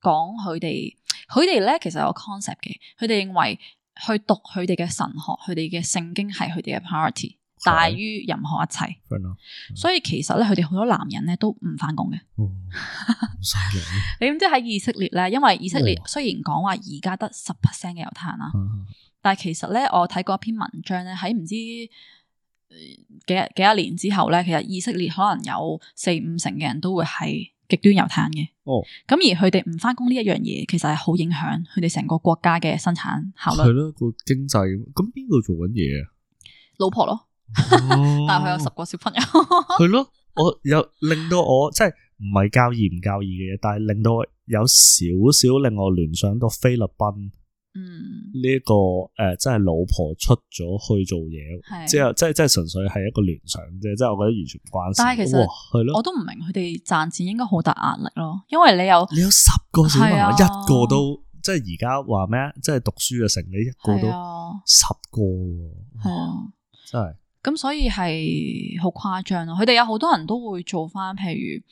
講佢哋，佢哋咧其實有個 concept 嘅，佢哋認為。去讀佢哋嘅神學，佢哋嘅聖經係佢哋嘅 priority 大於的任何一切。所以其實咧，佢哋好多男人咧都唔返工嘅。 哦、 你點知喺以色列咧？因為以色列雖然講話而家得十 percent 嘅猶太人啦，的但係其實咧，我睇過一篇文章咧，喺唔知幾幾多年之後咧，其實以色列可能有四五成嘅人都會係極端猶太嘅，哦，咁而佢哋唔翻工呢一樣嘢，其實係好影響佢哋成個國家嘅生產效率。係咯，個經濟咁，邊個做緊嘢啊？老婆咯，哦、 但係佢有十個小朋友。係 咯，我又令到我即係唔係教義唔教義嘅嘢，但係令到我有少少令我聯想到菲律賓。嗯，呢一個誒，即係老婆出咗去做嘢，即係即係即係純粹係一個聯想啫，即係我覺得完全唔關事。但係其實係咯，我都唔明佢哋賺錢應該好大壓力咯，因為你有你有十個小朋友，一個都即係而家話咩？即係讀書嘅成你一個都十個，係啊，真係。咁所以係好誇張咯，佢哋有好多人都會做翻，譬如。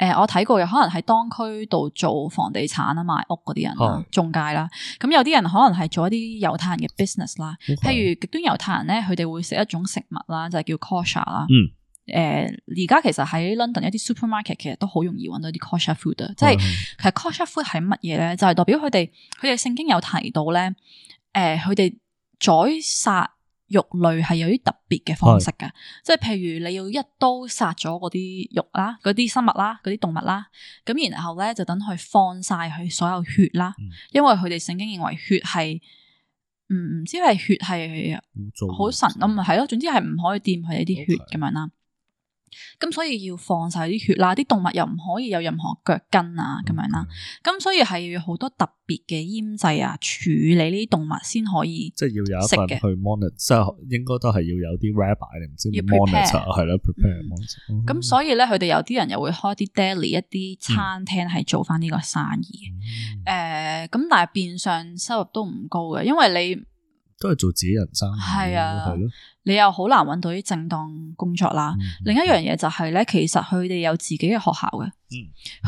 誒、呃，我睇過嘅可能喺當區度做房地產啊、賣屋嗰啲人啦、啊， 中介啦。咁有啲人可能係做一啲猶太人嘅 business 啦。譬如極端猶太人咧，佢哋會食一種食物啦，就係叫 kosher 啦。嗯。誒，而家其實喺 London 一啲 supermarket 其實都好容易揾到啲 kosher food，啊。即、就、係、是 嗯、其實 kosher food 係乜嘢咧？就係、是、代表佢哋，佢哋聖經有提到咧，誒、呃，佢哋宰殺。肉類係有啲特別嘅方式噶，是即係譬如你要一刀殺咗嗰啲肉啦，嗰啲生物啦，嗰啲動物啦，咁然後咧就等佢放晒佢所有血啦，嗯、因為佢哋聖經認為血係唔唔知係血係好神咁咪係咯，總之係唔可以掂佢一啲血咁樣啦。Okay. 咁所以要放晒啲血啦，啲動物又唔可以有任何腳筋啊咁樣啦。咁 Okay. 所以係要好多特別嘅醃製啊，處理呢啲動物先可以，即係要有一份去 monitor，即係應該都係要有啲 rabbi 定唔知 prepare, monitor, prepare 係 prepare monitor。咁、嗯嗯、所以咧，佢哋有啲人又會開啲 deli 一啲餐廳，係做翻呢個生意。誒、嗯，咁、uh, 但係變相收入都唔高嘅，因為你。都係做自己人生，係啊。啊，你又好難揾到啲正當工作啦。嗯、另一樣嘢就係、是、咧、嗯、其實佢哋有自己嘅學校嘅，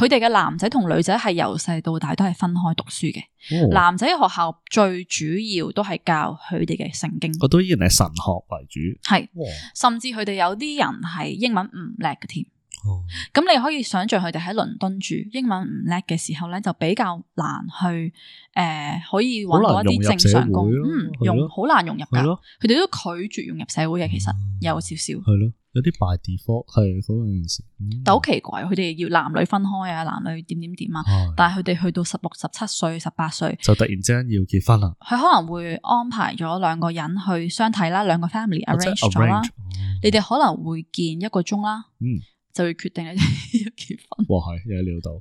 佢哋嘅男仔同女仔係由細到大都係分開讀書嘅。哦、男仔嘅學校最主要都係教佢哋嘅聖經，嗰都依然係神學為主，係是、哦、甚至佢哋有啲人係英文唔叻嘅添。哦，咁你可以想象佢哋喺倫敦住，英文唔叻嘅時候咧，就比較難去誒、呃，可以揾到一啲正常工，嗯，用好難融入噶咯。佢哋都拒絕融入社會嘅，其實有少少係咯，有啲 by default 係嗰陣時，default, 嗯、但好奇怪，佢哋要男女分開啊，男女點點點啊，的但係佢哋去到十六、十七歲、十八歲，就突然之間要結婚啦。佢可能會安排咗兩個人去相睇啦，兩個 family arrange 咗啦，嗯、你哋可能會見一個鐘啦，嗯。就會決定你哋要結婚。哇，係有料到，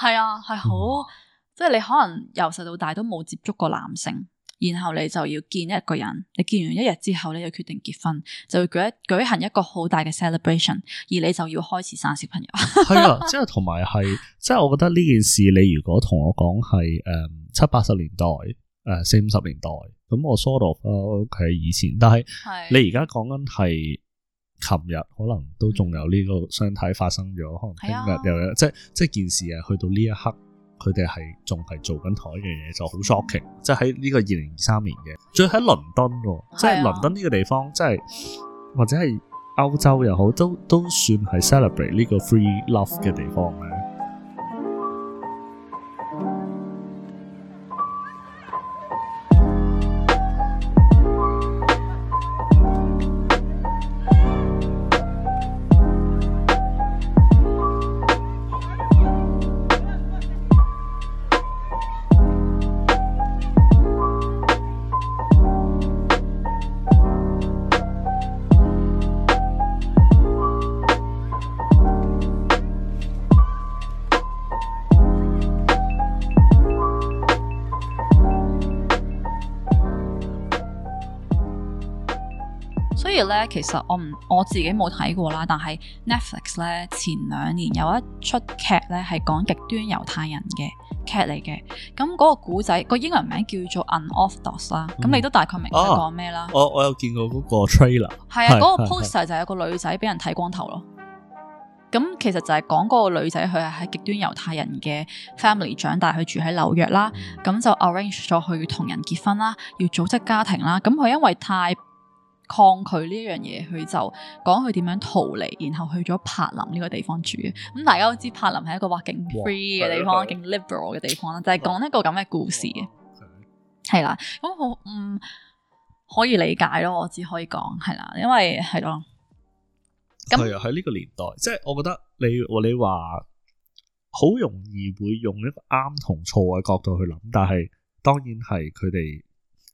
係 啊，係好，嗯、即係你可能由細到大都冇接觸過男性，然後你就要見一個人，你見完一日之後，你就決定結婚，就會舉舉行一個好大嘅 celebration，而你就要開始生小朋友。係 啊，即係同埋係，即係我覺得呢件事，你如果同我講係誒七八十年代誒、呃、四五十年代，咁我 sort of 啊喺以前，但係你而家講緊係。琴日可能都仲有呢個相體發生咗，可能聽日又有 即，即係即係件事啊！去到呢一刻，佢哋係仲係做緊台嘅嘢，就好 shocking！即係喺呢個二零二三年嘅，仲要喺倫敦，即係倫敦呢個地方，即係 或者係歐洲又好，都都算係 celebrate 呢個 free love 嘅地方。其實我唔我自己冇睇過啦，但係 Netflix 咧前兩年有一出劇咧係講極端猶太人嘅劇嚟嘅，咁、那、嗰個古仔、那個英文名叫做 Unorthodox 啦，咁、嗯、你都大概明白講咩、哦、啦？我我有見過嗰個 trailer，係啊，嗰是個 poster 就係一個女仔俾人剃光頭咯，咁其實就係講嗰個女仔佢係喺極端猶太人嘅 family 長大，佢住喺紐約啦，咁、嗯、就 arrange 咗去同人結婚啦，要組織家庭啦，咁佢因為太抗拒呢一樣嘢，佢就講佢點樣逃離，然後去咗柏林呢個地方住嘅。咁大家都知柏林係一個勁 free 嘅地方，勁 liberal 嘅地方啦，的就係講一個咁嘅故事嘅。係啦，咁我嗯可以理解咯，我只可以講係啦，因為係咯。咁喺呢個年代，即係我覺得你我你話好容易會用一個啱同錯嘅角度去諗，但係當然係佢哋。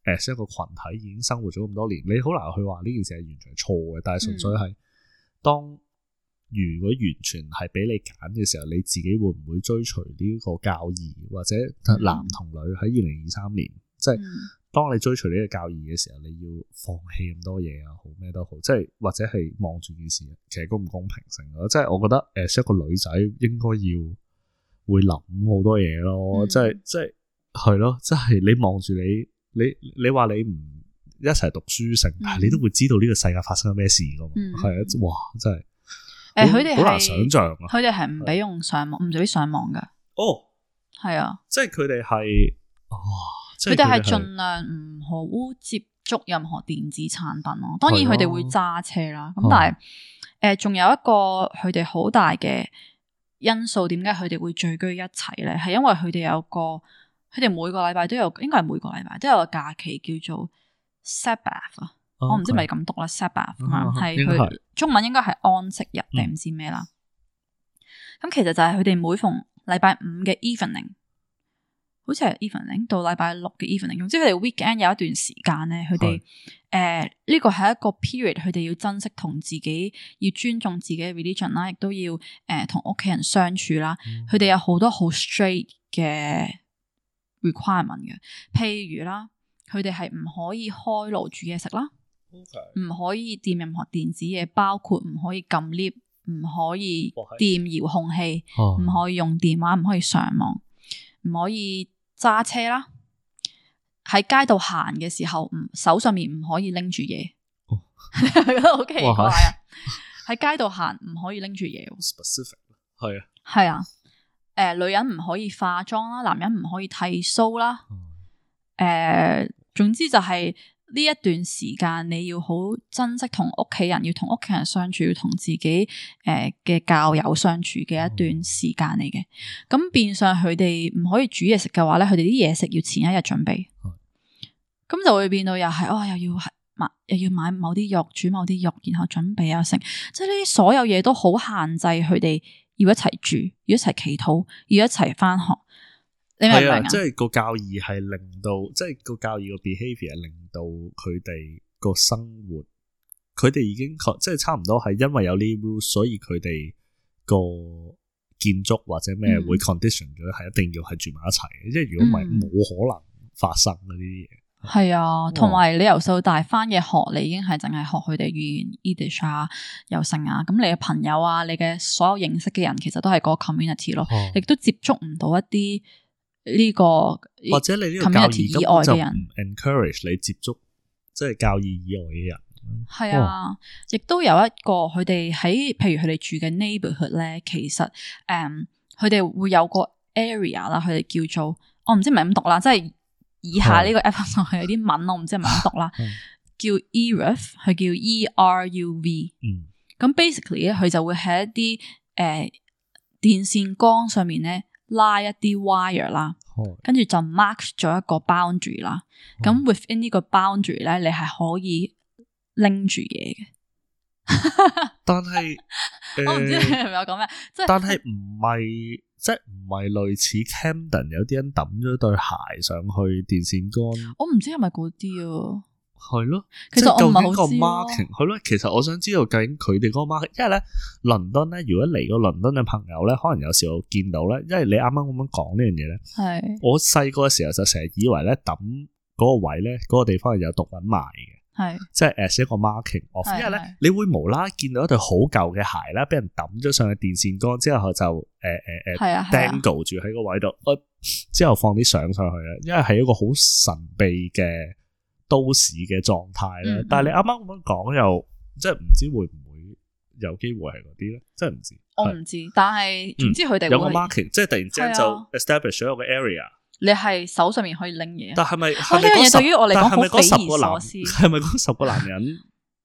誒，一個群體已經生活咗咁多年，你好難去話呢件事係完全錯嘅。但係純粹係，當如果完全係俾你揀嘅時候，你自己會唔會追隨呢個教義？或者男同女喺二零二三年，即係、嗯、當你追隨呢個教義嘅時候，你要放棄咁多嘢啊，好咩都好，即係或者係望住件事，其實公唔公平性咯。即係我覺得、嗯，誒，一個女仔應該要會諗好多嘢咯。即係即係係咯，即係你望住你。你你話你唔一齊讀書成，但、嗯、你都會知道呢個世界發生咗咩事噶嘛？係啊、嗯，哇，真係，誒、呃，佢哋好難想象啊。佢哋係唔俾用上網，唔俾的上網噶、哦的。哦，係啊，即係佢哋係，哇，佢哋係盡量唔好接觸任何電子產品咯。的當然佢哋會揸車啦，咁、嗯、但係，誒、呃，仲有一個佢哋好大嘅因素，點解佢哋會聚居一齊咧？係因為佢哋有個。佢哋每個禮拜都有，應該係每個禮拜都有個假期叫做 Sabbath 啊 Okay.！我唔知咪咁讀啦，Sabbath 啊、嗯，係、嗯、佢中文應該係安息日定唔知咩啦。咁、嗯、其實就係佢哋每逢禮拜五嘅 evening，好似係 evening 到禮拜六嘅 evening，即係佢哋 weekend 有一段時間咧，佢哋誒呢個係一個 period，佢哋要珍惜同自己，要尊重自己嘅 religion 啦，亦都要誒同屋企人相處啦。佢哋有好多好 straight 嘅 requirement 嘅，譬如啦，佢哋係唔可以開爐煮嘢食啦，唔可以掂任何電子嘢，包括唔可以撳 lift，唔可以掂遙控器，唔可以用電話，唔可以上網，唔可以揸車啦。喺街度行嘅時候，唔手上面唔可以拎住嘢，你覺得好奇怪啊？喺街度行唔可以拎住嘢，specific 係啊，係啊。誒、呃，女人唔可以化妝啦，男人唔可以剃鬚啦。誒、呃，總之就係呢一段時間，你要好珍惜同屋企人，要同屋企人相處，要同自己誒嘅、呃、教友相處嘅一段時間嚟嘅。咁變相，佢哋唔可以煮嘢食嘅話咧，佢哋啲嘢食要前一日準備。咁、嗯、就會變到又係哦，又要買又要買某啲肉煮某啲肉，然後準備啊食。即係呢啲所有嘢都好限制佢哋。要一齊住，要一齊祈禱，要一齊翻學。你明唔明呀？係啊，即係個教義係令到，即係個教義個 behavior 係令到佢哋個生活。佢哋已經即係差唔多係因為有呢 rule，所以佢哋個建築或者咩會 condition 咗，係、嗯、一定要係住埋一齊嘅。即係如果唔係，冇可能發生嗰啲嘢。係啊，同埋你由細到大翻嘅學，你已經係淨係學佢哋語言，Yiddish 啊、尤勝啊。咁你嘅朋友啊，你嘅所有認識嘅人，其實都係個 community 咯、哦，亦都接觸唔到一啲呢個或者你呢個 community 以外嘅人，encourage 你接觸即係教義以外嘅人。係、哦、啊，亦都有一個佢哋喺，譬如佢哋住嘅 neighborhood 咧，其實誒，佢、嗯、哋會有個 area 啦，佢哋叫做我唔知係咁讀啦，即係。以下呢個 app 咧係有啲文，我唔知係咪咁讀啦，叫 Eruv，佢叫 E R U V。咁 basically 咧，佢就會喺一啲誒電線桿上面咧拉一啲 wire 啦，跟住就 mark 咗一個 boundary 啦。咁 within 呢個 boundary 咧，你係可以拎住嘢嘅。 但係，呃、我唔知你係咪有講咩，即係但係唔係，即係唔係類似 Camden 有啲人抌咗對鞋上去電線杆。我唔知係咪嗰啲啊，係咯。其實我唔係好知、啊。係咯，其實我想知道究竟佢哋嗰個 marking，因為咧倫敦咧，如果嚟過倫敦嘅朋友咧，可能有時候見到咧，因為你啱啱咁樣講呢樣嘢咧，係是我細個嘅時候就成日以為咧抌嗰個位咧，嗰、那個地方係有毒品賣嘅。係，即係誒，寫個 marketing，因為咧是你會無啦見到一對好舊嘅鞋啦，俾人抌咗上去電線杆之後就，就誒誒誒，掟住喺個位度、呃，之後放啲相上去啊，因為係一個好神秘嘅都市嘅狀態咧。嗯嗯但係你啱啱咁樣講又，即係唔知會唔會有機會係嗰啲咧，即係唔知。我唔知，但係唔、嗯、知佢哋有個 market，即係突然之間就 establish 咗一個 area。你係手上面可以拎嘢，但係咪？呢樣嘢對於我嚟講好匪夷所思，係咪嗰十個男人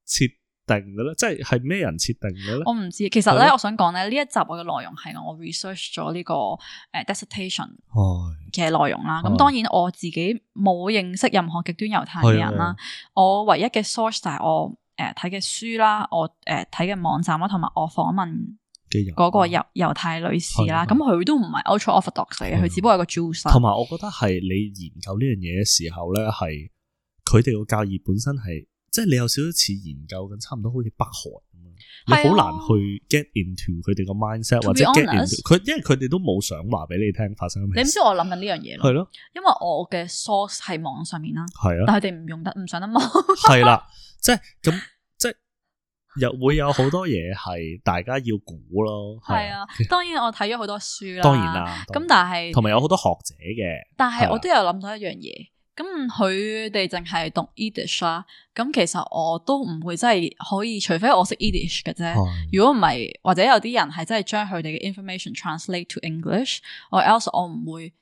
設定嘅咧？ 即係係咩人設定嘅咧？我唔知，其實咧，嗎我想講咧，呢一集我嘅內容係我 research 咗呢、呢個誒、呃、dissertation 嘅內容啦。咁、哎、當然我自己冇認識任何極端猶太人啦。哎、呀我唯一嘅 source 就係我誒睇嘅書啦，我誒睇嘅網站啦，同埋我訪問。嗰個猶猶太女士啦，咁佢的都唔係 Ultra Orthodox 嚟嘅，佢的只不過係個 Jewess。同埋我覺得係你研究呢樣嘢嘅時候咧，係佢哋個教義本身係，即係你有少少似研究緊，差唔多好似北韓咁樣，的你好難去 get into 佢哋個 mindset 或者 get into 佢，因為佢哋都冇想話俾你聽發生咩事。你唔知我諗緊呢樣嘢咯，係咯的，因為我嘅 source 喺網上面啦，係啊的，但係佢哋唔用得，唔想得摸。係啦的， 即係咁。又會有好多嘢，係大家要估咯，係 啊，當然我睇咗好多書啦，當然啦，咁但係同埋有好多學者嘅，但係我都有諗到一樣嘢，咁佢哋淨係讀 Yiddish，咁其實我都唔會真係可以，除非我識 Yiddish 嘅啫，如果唔係或者有啲人係真係將佢哋嘅 information translate to English，我 else 我唔會。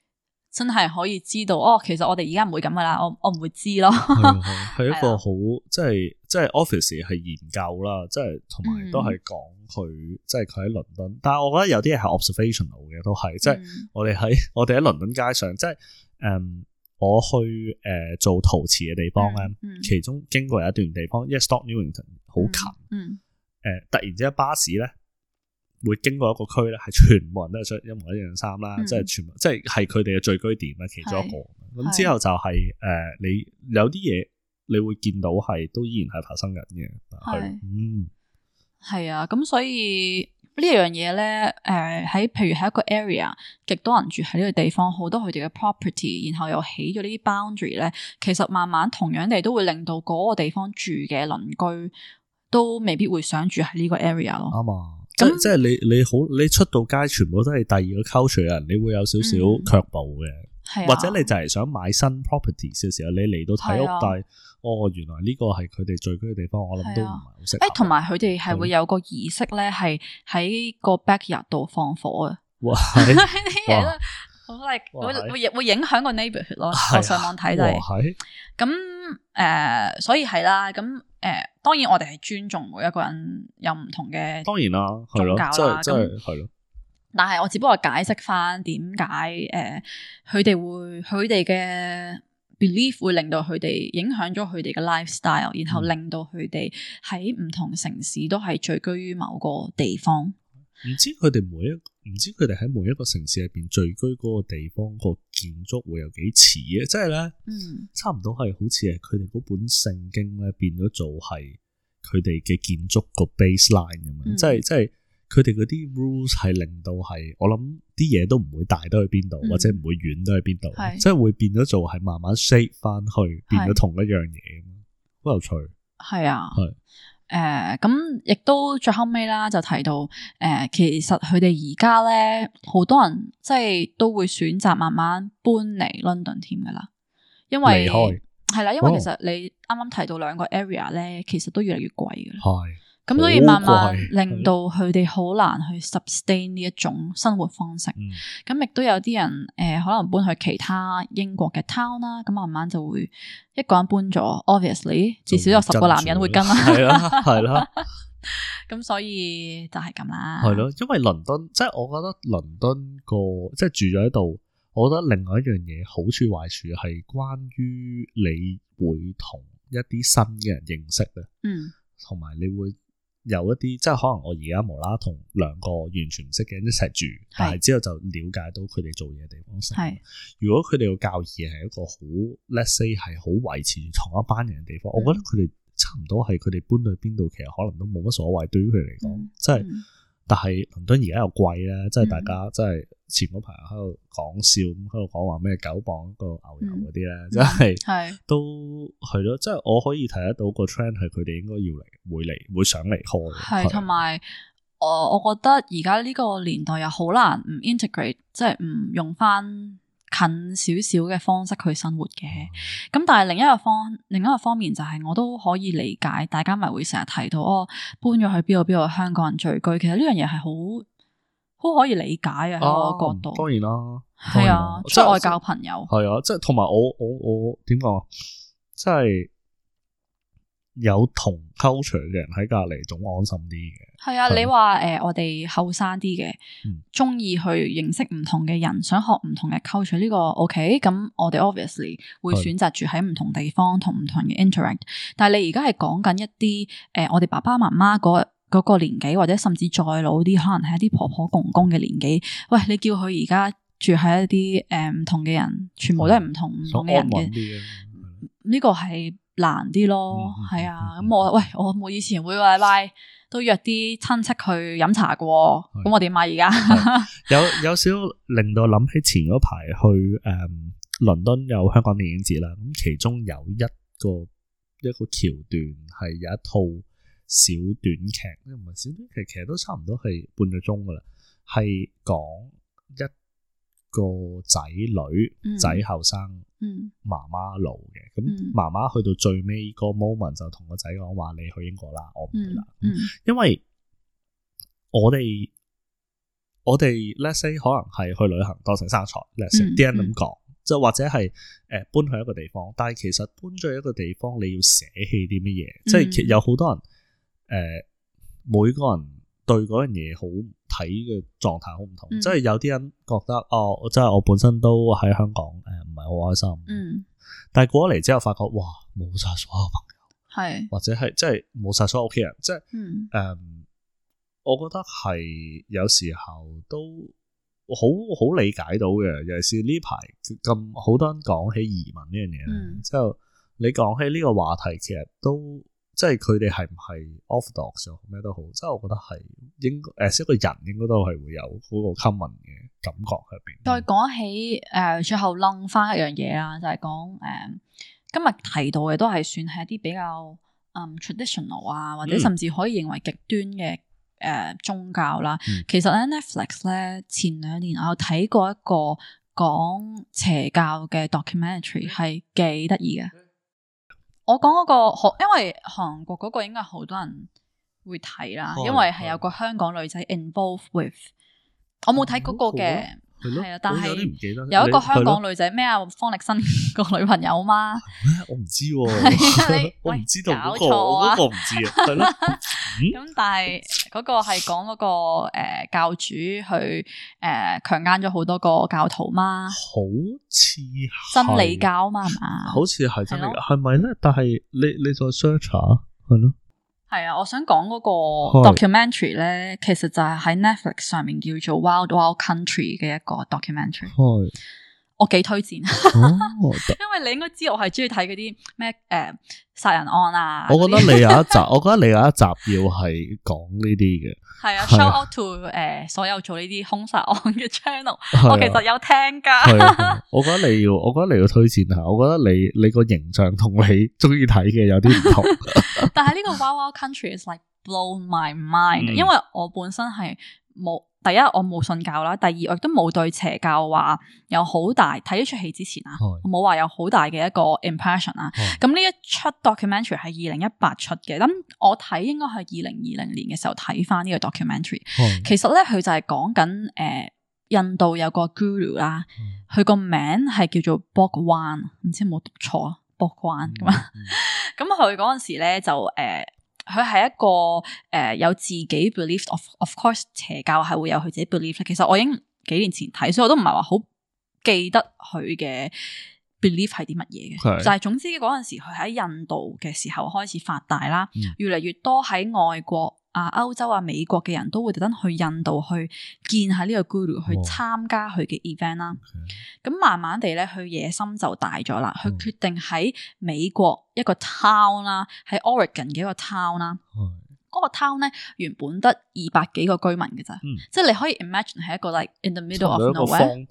真係可以知道哦，其實我哋而家唔會咁噶啦，我我唔會知咯。係的 一個好即係即係 office 係研究啦，即係同埋都係講佢即係佢喺倫敦，但係我覺得有啲嘢係 observational 嘅，都係即係我哋喺我哋喺倫敦街上，即係誒、嗯，我去誒、呃、做陶瓷嘅地方咧，嗯、其中經過有一段地方，嗯、因為 Stoke Newington 好近，誒、嗯嗯呃、突然之間巴士咧。會經過一個區咧，係全部人都着同一,一樣衫啦，嗯、即係全部，即係係佢哋嘅聚居點啦。其中一個。咁是之後就係、是、誒是、呃，你有啲嘢你會見到係都依然係發生緊嘅。係，是嗯，係啊。咁所以呢樣嘢咧，誒、呃，喺譬如喺一個 area 極多人住喺呢個地方，好多佢哋嘅 property，然後又起咗呢啲 boundary 咧，其實慢慢同樣地都會令到嗰個地方住嘅鄰居都未必會想住喺呢個 area 咯。啱啊。即係你你好，你出到街全部都係第二個 culture 人，你、嗯、會有少少卻步嘅，是啊、或者你就係想買新 properties 嘅時候，你嚟到睇屋，但係哦，原來呢個係佢哋聚居嘅地方，是啊、我諗都唔係好識。誒，同埋佢哋係會有個儀式咧，係喺個 backyard 度放火嘅，係，好 like 會會影響個 neighbourhood 咯。係，啊、我上網睇到，係咁誒，所以係啦，咁誒。呃當然，我哋係尊重每一個人有唔同嘅當然啦，宗教真咁係咯。那但係我只不過解釋返點解誒佢哋會佢哋嘅 belief 會令到佢哋影響咗佢哋嘅 lifestyle，然後令到佢哋喺唔同城市都係聚居於某個地方。唔知佢哋每一唔知佢哋喺每一個城市入邊聚居嗰個地方個建築會有幾似嘅，即係咧，嗯、差唔多係好似係佢哋嗰本聖經咧，變咗做係佢哋嘅建築個 baseline 咁樣、嗯，即係即係佢哋嗰啲 rules 係令到係我諗啲嘢都唔會大得去邊度，嗯、或者唔會遠都去邊度，嗯、即係會變咗做係慢慢 shape 翻去變咗同一樣嘢咁，好是有趣。係啊。係。誒，咁、呃、亦都最後尾啦，就提到誒，其實佢哋而家咧，好多人即係都會選擇慢慢搬嚟 London 添噶啦，因為係害啦，因為其實你啱啱提到兩個 area 咧，其實都越嚟越貴噶啦。咁所以慢慢令到佢哋好難去 sustain 呢一種生活方式，咁亦都有啲人誒、呃，可能搬去其他英國嘅 town 啦，咁慢慢就會一個人搬咗，obviously 至少有十個男人會跟啦，係啦、啊，係啦、啊，咁 所以就係咁啦。係咯、啊，因為倫敦即係、就是、我覺得倫敦個即係住咗喺度，我覺得另外一樣嘢好處壞處係關於你會同一啲新嘅人認識啊，嗯，同埋你會。有一啲即係可能我而家無啦啦同兩個完全唔識嘅人一齊住，是但係之後就了解到佢哋做嘢嘅地方。係是，如果佢哋嘅教義係一個好是 let’s say 係好維持住同一班人嘅地方，是我覺得佢哋差唔多係佢哋搬到去邊度，其實可能都冇乜所謂。對於佢嚟講，即係。但係倫敦而家又貴咧，即係、嗯、大家即係前嗰排喺度講笑咁，喺度講話咩九磅一個牛油嗰啲咧，真係都係咯。即係我可以睇得到個 trend 係佢哋應該要嚟、會嚟、會想嚟開。係同埋我，我覺得而家呢個年代又好難唔 integrate，即係唔用翻近少少嘅方式去生活嘅，咁但係另一個方，另一個方面就係我都可以理解，大家咪會成日提到哦，搬咗去邊度邊度香港人聚居，其實呢樣嘢係好，好可以理解嘅喺、啊、我角度。當然啦，係啊，即係、啊啊、外交朋友，係啊，即係同埋我我我點講啊，即係。有同 culture 嘅人喺隔籬，總安心啲嘅。係啊，你話誒，我哋後生啲嘅，中意去認識唔同嘅人，想學唔同嘅 culture 呢個 OK。咁我哋 obviously 會選擇住喺唔同地方，同唔同嘅 interact。但係你而家係講緊一啲誒，我哋爸爸媽媽嗰嗰個年紀，或者甚至再老啲，可能係一啲婆婆公公嘅年紀。喂，你叫佢而家住喺一啲誒唔同嘅人，全部都係唔同唔同嘅人嘅，呢個係。難啲咯，係、嗯、啊，咁、嗯、我喂我我以前每個禮拜都約啲親戚去飲茶噶，咁、嗯、我點啊？而家有有少令到諗起前嗰排去誒倫、嗯、敦有香港電影節啦。咁其中有一個一個橋段係有一套小短劇，唔係小短劇，其實都差唔多係半個鐘噶啦，係講一個仔女仔後生。嗯嗯，媽媽老嘅，咁媽媽去到最尾個 moment 就同個仔講話：嗯、你去英國啦，我唔去啦。嗯嗯、因為我哋我哋，let’s say 可能係去旅行當成生財，let’s say 啲人咁講，即、嗯、係或者係誒搬去一個地方，但係其實搬咗一個地方，你要捨棄啲乜嘢？嗯、即係有好多人，誒、呃，每個人對樣嘢好。睇嘅狀態好唔同，嗯、即係有啲人覺得哦，即係我本身都喺香港誒，唔係好開心。嗯，但係過咗嚟之後，發覺哇，冇晒所有朋友，係是或者係即係冇晒所有屋企人，即係誒、嗯嗯。我覺得係有時候都好好理解到嘅，尤其是呢排咁好多人講起移民呢樣嘢，之後你講起呢個話題，其實都。即係佢哋係唔係 Orthodox 咩都好，即係我覺得係應該誒，呃、一個人應該都係會有嗰個 common 嘅感覺入邊。但係講起誒、呃，最後冧翻一樣嘢啦，就係講誒今日提到嘅都係算係一啲比較嗯 traditional 啊，或者甚至可以認為極端嘅誒、呃、宗教啦。嗯、其實咧 Netflix 咧前兩年我有睇過一個講邪教嘅 documentary，係幾得意嘅。我講嗰、那個，因為韓國嗰個應該好多人會睇啦，哦、因為係有個香港女仔、嗯、involved with，我冇睇嗰個嘅。嗯係咯，但係是有，有一個香港女仔咩啊？方力申個女朋友嘛？ 我唔知，我唔知道個，搞錯啊、 我唔知啊，係咯。咁、 嗯、但係嗰個係講嗰個誒、呃、教主去誒強奸咗好多個教徒嘛？好似係真理教嘛？係嘛？好似係真理教，係咪咧？但係你你再 search 下，係咯。係啊，我想講嗰個 documentary 咧，是其實就係喺 Netflix 上面叫做 Wild Wild Country 嘅一個 documentary，是我幾推薦， 因為你應該知道我係中意睇嗰啲咩誒殺人案啊。我覺得你有一集， 我覺得你有一集要係講呢啲嘅。係啊，show、啊、out to 誒、呃、所有做呢啲凶殺案嘅 channel，、啊、我其實有聽噶、 啊啊。我覺得你要，我覺得你要推薦下。我覺得你你個形象同你中意睇嘅有啲唔同。 但係呢個 Wild Wild Country is like blow my mind， 因為我本身係冇第一我冇信教啦，第二我亦都冇對邪教話有好大睇呢出戲之前啊，冇話 有好大嘅一個 impression 啊。咁呢一出 documentary 係二零一八出嘅，咁我睇應該係二零二零年嘅時候睇翻呢個 documentary。 其實咧佢就係講緊誒印度有個 guru 啦，佢個名係叫做 Bhagwan，唔知有冇讀錯啊。博關嘛，咁佢嗰陣時咧就誒，佢、uh, 係一個誒、uh, 有自己 belief of of course 邪教係會有佢自己 belief，其實我已經幾年前睇，所以我都唔係話好記得佢嘅 belief 係啲乜嘢嘅，是就係總之嗰陣時佢喺印度嘅時候開始發大啦，嗯、越嚟越多喺外國。啊，歐洲啊，美國嘅人都會特登去印度去見下呢個 Guru、哦、去參加佢嘅 event 啦。咁慢慢地咧，佢野心就大咗啦。佢、嗯、決定喺美國一個 town 啦，喺 Oregon 嘅一個 town 啦、嗯。嗰個 town 咧原本得二百幾個居民嘅咋，嗯、即係你可以 imagine 係一個 like in the middle of nowhere。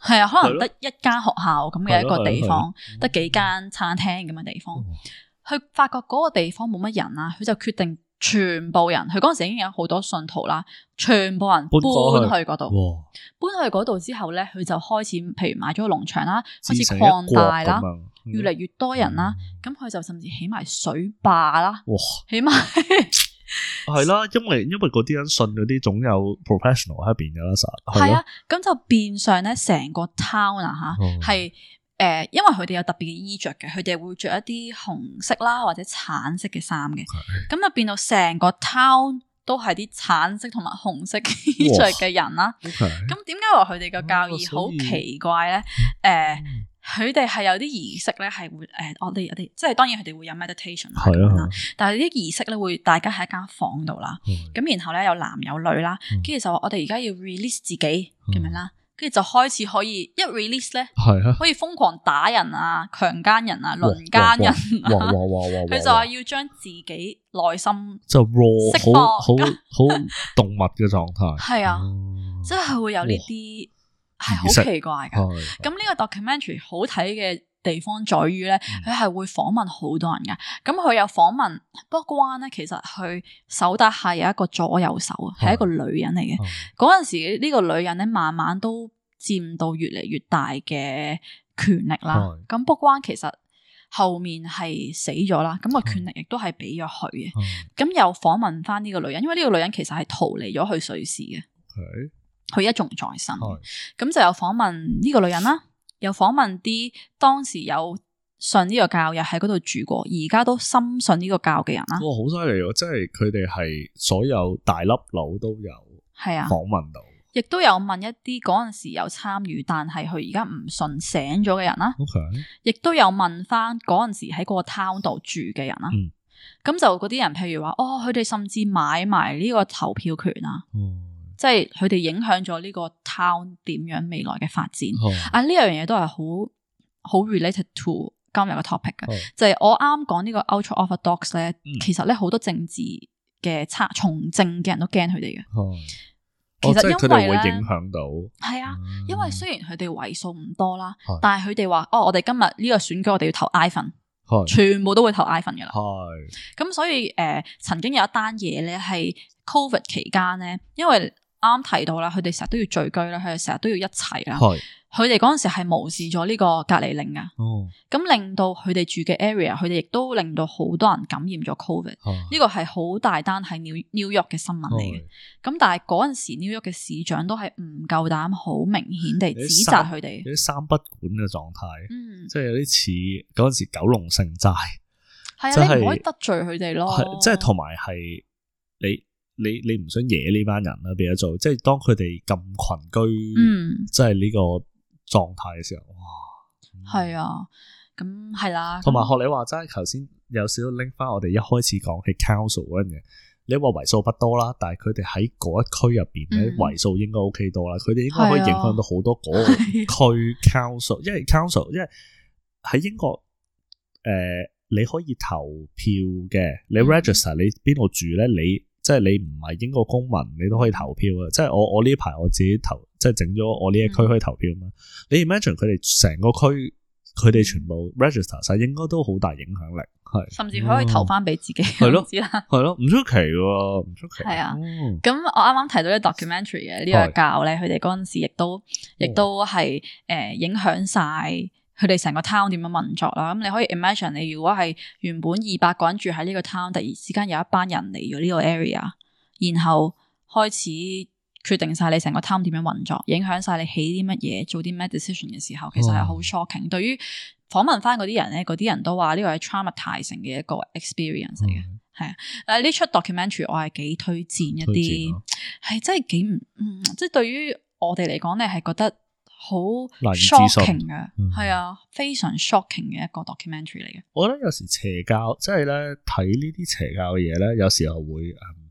係啊，可能得一間學校咁嘅一個地方，得、嗯、幾間餐廳咁嘅地方。佢、嗯嗯、發覺嗰個地方冇乜人啦，佢就決定。全部人，佢嗰陣時已經有好多信徒啦，全部人搬去嗰度。哇搬去嗰度之後咧，佢就開始，譬如買咗個農場啦，一一開始擴大啦，嗯、越嚟越多人啦，咁佢、嗯、就甚至起埋水壩啦，哇，起埋係啦，因為因為嗰啲人信嗰啲，總有 professional 喺邊噶啦，係啊，咁就變相咧，成個 town 啊吓係。嗯誒，因為佢哋有特別嘅衣着嘅，佢哋會着一啲紅色啦或者橙色嘅衫嘅，咁就的變到成個 town 都係啲橙色同埋紅色衣着嘅人啦。咁點解話佢哋嘅教義好奇怪咧？誒以，佢哋係有啲儀式咧，係會誒，我哋有啲，即係當然佢哋會有 meditation 係啦的，的但係啲儀式咧會大家喺一間房度啦，咁的、嗯、然後咧有男有女啦，跟住就我哋而家要 release 自己咁樣啦。嗯跟住就開始可以一 release 咧，啊、可以瘋狂打人啊、強奸人啊、哇輪奸人，啊。佢 就話要將自己內心就釋放就 raw，好好，好動物嘅狀態，係 啊，嗯、即係會有呢啲係好奇怪嘅。咁呢式、 啊、個 documentary 好睇嘅。地方在於咧，佢係會訪問好多人噶咁佢又訪問 Book One 咧，其實佢手底下有一個左右手，係一個女人嚟嘅。嗰陣時呢個女人咧，慢慢都佔到越嚟越大嘅權力啦。咁 Book One 其實後面係死咗啦，咁個權力亦都係俾咗佢嘅。咁又訪問翻呢個女人，因為呢個女人其實係逃離咗去瑞士嘅，佢一眾在生。咁就又訪問呢個女人啦。又訪問啲當時有信呢個教又喺嗰度住過，而家都深信呢個教嘅人啦。哇，好犀利啊！哦、即係佢哋係所有大粒佬都有，係啊，訪問到，亦、啊、都有問一啲嗰陣時有參與，但係佢而家唔信醒咗嘅人啦、啊。OK，亦都有問翻嗰陣時喺嗰個 town 度住嘅人啦、啊。咁、嗯、就嗰啲人，譬如話，哦，佢哋甚至買埋呢個投票權啊。嗯即係佢哋影響咗呢個 town 點樣未來嘅發展啊！呢樣嘢都係好好 related to 今日嘅 topic 嘅。就係我啱啱講呢個 Ultra Orthodox 咧，其實咧好多政治嘅差從政嘅人都驚佢哋嘅。哦，其實因為咧，會影響到係啊，因為雖然佢哋為數唔多啦，但係佢哋話哦，我哋今日呢個選舉我哋要投 iPhone，全部都會投 iPhone 噶啦。係咁，所以誒，曾經有一單嘢咧，係 COVID 期間咧，因為。啱提到啦，佢哋成日都要聚居啦，佢哋成日都要一齊啦。佢哋嗰陣時係無視咗呢個隔離令啊。哦，咁令到佢哋住嘅 area，佢哋亦都令到好多人感染咗 COVID，哦。呢個係好大單係 New York 嘅新聞嚟嘅。咁是但係嗰陣時 New York 嘅市長都係唔夠膽好明顯地指責佢哋。你三,三不管嘅狀態，嗯，即係有啲似嗰陣時九龍城寨。係、嗯、啊，即係、你唔可以得罪佢哋咯、即係。即係同埋係。你你唔想惹呢班人啦？畀咗做？即係當佢哋咁群居，嗯、即係呢個狀態嘅時候，哇！係、嗯、啊，咁係啦。同埋學你話齋，頭先有少少拎翻我哋一開始講起 council 嗰樣嘢，你話為數不多啦，但係佢哋喺嗰一區入邊咧，為、嗯、數應該 OK 多啦。佢哋應該可以影響到好多嗰個區 council，、啊、因為 council 因為喺英國，誒、呃、你可以投票嘅，你 register 你邊度住咧，你。嗯即係你唔係英國公民，你都可以投票啊！即係我我呢排我自己投，即係整咗我呢一區可以投票嘛？嗯、你 imagine 佢哋成個區，佢哋全部 register 晒，應該都好大影響力，係甚至可以投翻俾自己，係咯，係咯，唔出奇喎，唔出奇。係啊的，咁、嗯、我啱啱提到啲 documentary 嘅呢個教咧的，佢哋嗰陣時亦都亦都係誒影響晒。佢哋成個 town 點樣運作啦？咁你可以 imagine，你如果係原本二百個人住喺呢個 town，突然之間有一班人嚟咗呢個 area，然後開始決定晒你成個 town 點樣運作，影響晒你起啲乜嘢，做啲咩 decision 嘅時候，其實係好 shocking。哦、對於訪問翻嗰啲人咧，嗰啲人都話呢個係 traumatising 嘅一個 experience 嚟嘅、嗯，係啊。嗱呢出 documentary 我係幾推薦一啲，係、啊、真係幾唔，即、嗯、係、就是、對於我哋嚟講咧係覺得，好 shocking 嘅，係啊，嗯、非常 shocking 嘅一個 documentary 嚟嘅。我覺得有時邪教，即係咧睇呢啲邪教嘅嘢咧，有時候會、嗯，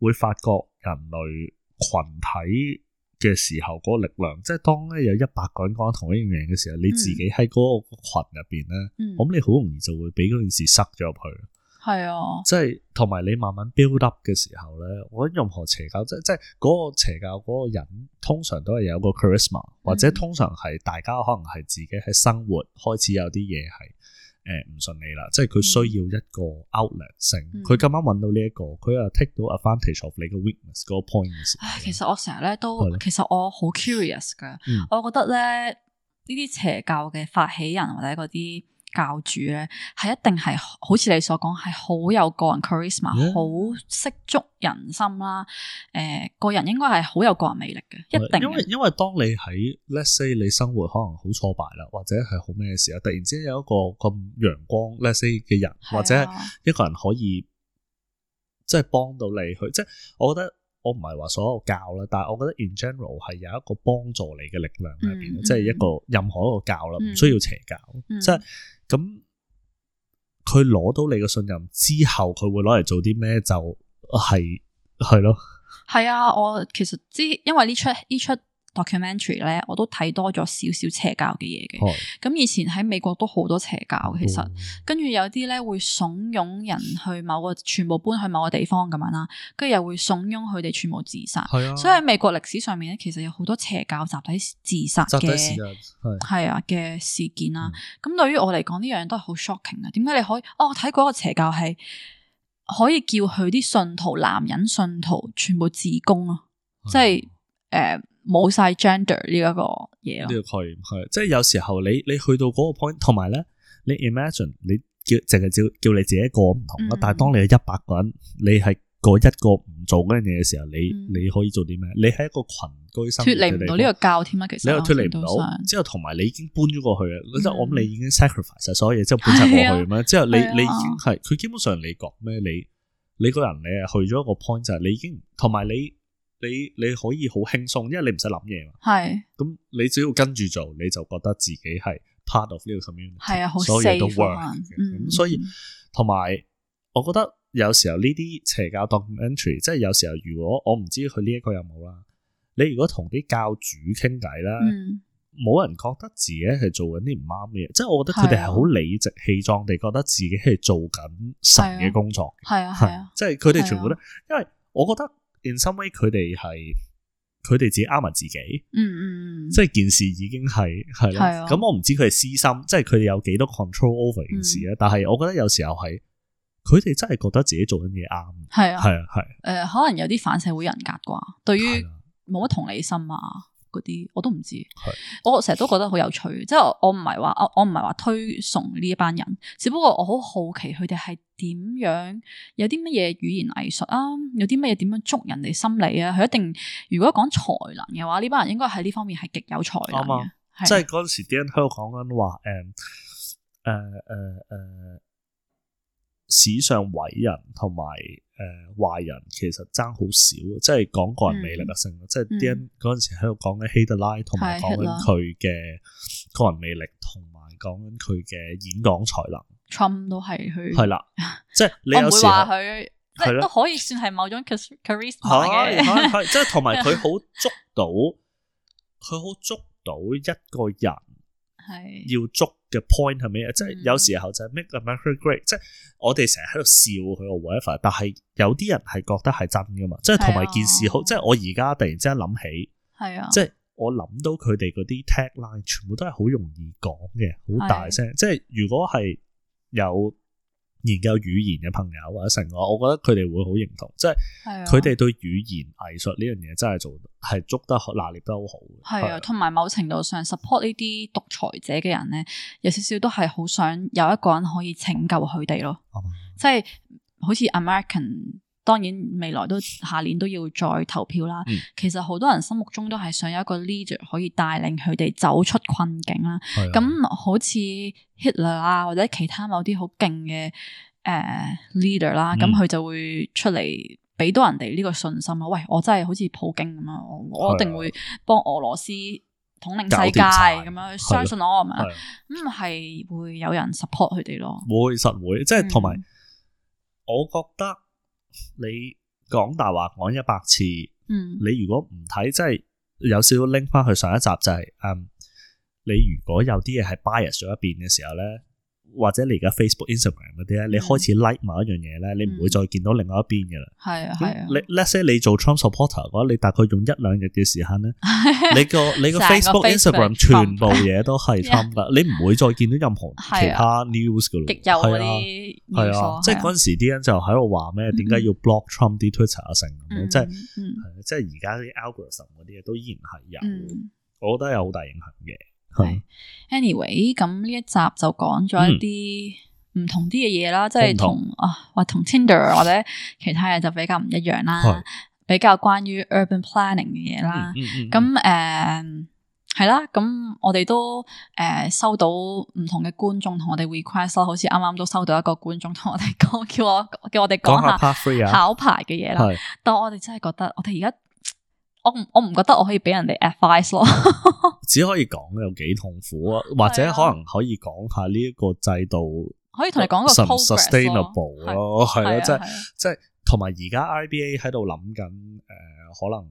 會發覺人類群體嘅時候嗰個力量，即係當咧有一百個人講同一樣嘢嘅時候，嗯、你自己喺嗰個群入邊咧，咁、嗯、你好容易就會俾嗰件事塞咗入去。係啊，即係同埋你慢慢 build up 嘅時候咧，我覺得任何邪教，即係即係嗰個邪教嗰個人，通常都係有個 charisma，嗯、或者通常係大家可能係自己喺生活開始有啲嘢係誒唔順利啦，即係佢需要一個 outlet 性，佢咁啱揾到呢、這、一個，佢又 take 到 advantage of 你嘅 weakness 個 points。其實我成日咧都，對了 其實我好 curious 噶，嗯、我覺得咧呢啲邪教嘅發起人或者嗰啲，教主咧，係一定係好似你所講，係好有個人 charisma，好識捉 Yeah? 人心啦。誒、呃，個人應該係好有個人魅力嘅，一定。因為因為當你喺 let’s say 你生活可能好挫敗啦，或者係好咩嘅時候，突然之間有一個咁陽光 let’s say 嘅人，Yeah? 或者係一個人可以即係、就是、幫到你去，即、就、係、是、我覺得我唔係話所有教啦，但係我覺得 in general 係有一個幫助你嘅力量喺入邊，即係、mm hmm. 一個任何一個教啦，唔需要邪教，即係、mm。Hmm. Mm hmm. 咁佢攞到你嘅信任之後，就是，佢會攞嚟做啲咩？就係係咯，係 啊！我其實知，因為呢出呢出。documentary 咧，我都睇多咗少少邪教嘅嘢嘅。咁、oh. 以前喺美國都好多邪教，其實、oh. 跟住有啲咧會慫恿人去某個，全部搬去某個地方咁樣啦，跟住又會慫恿佢哋全部自殺。係啊，所以喺美國歷史上面咧，其實有好多邪教集體自殺嘅，係啊嘅事件啦。咁、嗯、對於我嚟講，呢樣都係好 shocking 啊！點解你可以？哦，我睇過一個邪教係可以叫佢啲信徒，男人信徒全部自宮啊！即係誒。冇晒 gender 呢一個嘢呢個概念係，即係有時候你你去到嗰個 point，同埋咧，你 imagine 你叫淨係叫叫你自己一個唔同啦，嗯、但係當你有一百個人，你係嗰一個唔做嗰樣嘢嘅時候，你你可以做啲咩？你喺一個群居生活脫離唔到呢個教添啊，其實你又脫離唔到，之後同埋你已經搬咗過去啊，即係我諗你已經 sacrifice 晒所有嘢之後搬晒過去咩？呀之後你呀你已經係佢基本上你講咩？你你個人你係去咗一個 point 就係你已經同埋你。你你可以好輕鬆，因為你唔使諗嘢嘛。係。咁你只要跟住做，你就覺得自己係 part of 呢個 community。係啊，好多嘢都 work 嘅。咁所以同埋，我覺得有時候呢啲邪教 documentary，即係有時候如果我唔知佢呢一個有冇啦，你如果同啲教主傾偈啦，冇人覺得自己係做緊啲唔啱嘅嘢。即係我覺得佢哋係好理直氣壯地覺得自己係做緊神嘅工作。係啊，係啊，即係佢哋全部都，因為我覺得。In some way, 佢哋係佢哋自己啱埋自己，嗯嗯，嗯即係件事已經係係咯，咁我唔知佢係私心，即係佢哋有幾多 control over 件事咧。嗯、但係我覺得有時候係佢哋真係覺得自己做緊嘢啱，係啊係啊係，誒、呃、可能有啲反社會人格啩，的對於冇乜同理心啊。嗰啲我都唔知，是我成日都覺得好有趣。即、就、係、是、我唔係話我我唔係話推崇呢一班人，只不過我好好奇佢哋係點樣，有啲乜嘢語言藝術啊，有啲乜嘢點樣捉人哋心理啊。佢一定，如果講才能嘅話，呢班人應該喺呢方面係極有才能。啊嘛，是即係嗰陣時啲人喺度講緊話，誒誒誒誒。嗯嗯嗯史上偉人同埋誒、壞人其實爭好少，即係講個人魅力嘅聲咯，即係啲人嗰陣時喺度講緊希特拉，同埋講緊佢嘅個人魅力，同埋講緊佢嘅演講才能。Trump 都係佢係啦，即係你又話佢係咯，的可以算係某種 charisma 嘅，係，係即係同埋佢好捉到，佢好 捉到一個人。是要捉嘅 point 係咩？嗯、即係有時候就 make America great，即係我哋成日喺度笑佢個 whatever，但係有啲人係覺得係真噶嘛。即係同埋件事好，啊、即係我而家突然之間諗起，係啊，即係我諗到佢哋嗰啲 tagline 全部都係好容易講嘅，好大聲。啊、即係如果係有。研究語言嘅朋友或者成個，我覺得佢哋會好認同，即係佢哋對語言藝術呢樣嘢真係做係捉得好，拿捏得好好嘅。係啊，同埋、啊、某程度上 support 呢啲、嗯、獨裁者嘅人咧，有少少都係好想有一個人可以拯救佢哋咯。嗯、即係好似 American。當然，未來都下年都要再投票啦。其實好多人心目中都係想有一個 leader 可以帶領佢哋走出困境啦。咁好似 Hitler 啊，或者其他某啲好勁嘅誒 leader 啦，咁佢就會出嚟俾到人哋呢個信心啊。喂，我真係好似普京咁樣，我我一定會幫俄羅斯統領世界咁樣，相信我吖嘛？咁係會有人 support 佢哋咯。會實會，即係同埋，我覺得。你講大話講一百次，嗯、你如果唔睇，即係有少少拎翻去上一集，就係、是，嗯，你如果有啲嘢係 bias 咗一邊嘅時候咧。或者你而家 Facebook、Instagram 啲咧，你開始 like 某一樣嘢咧，你唔會再見到另外一邊嘅啦。係啊係啊。你 let’s say 你做 Trump supporter 嘅話，你大概用一兩日嘅時間咧，你個你個 Facebook、Instagram 全部嘢都係 Trump 嘅，你唔會再見到任何其他 news 嘅咯。係啊，係啊，即係嗰陣時啲人就喺度話咩？點解要 block Trump 啲 Twitter 啊？成咁樣，即係即係而家啲 algorithm 嗰啲嘢都依然係有，我覺得有好大影響嘅。係，anyway，咁呢一集就講咗一啲唔、嗯、同啲嘅嘢啦，即係同啊或同 Tinder 或者其他嘢就比較唔一樣啦，是比較關於 urban planning 嘅嘢啦。咁誒係啦，咁我哋都誒、uh, 收到唔同嘅觀眾同我哋 request 咯，好似啱啱都收到一個觀眾同我哋講，叫我叫我哋講下考牌嘅嘢啦。但係我哋真係覺得，我哋而家。我我唔覺得我可以俾人哋 advise 咯，只可以講有幾痛苦啊，或者、啊、可能可以講下呢一個制度，可以同你講個 US sustainable 咯、啊，係咯、啊啊嗯，即係即係同埋而家 IBA 喺度諗緊誒，可能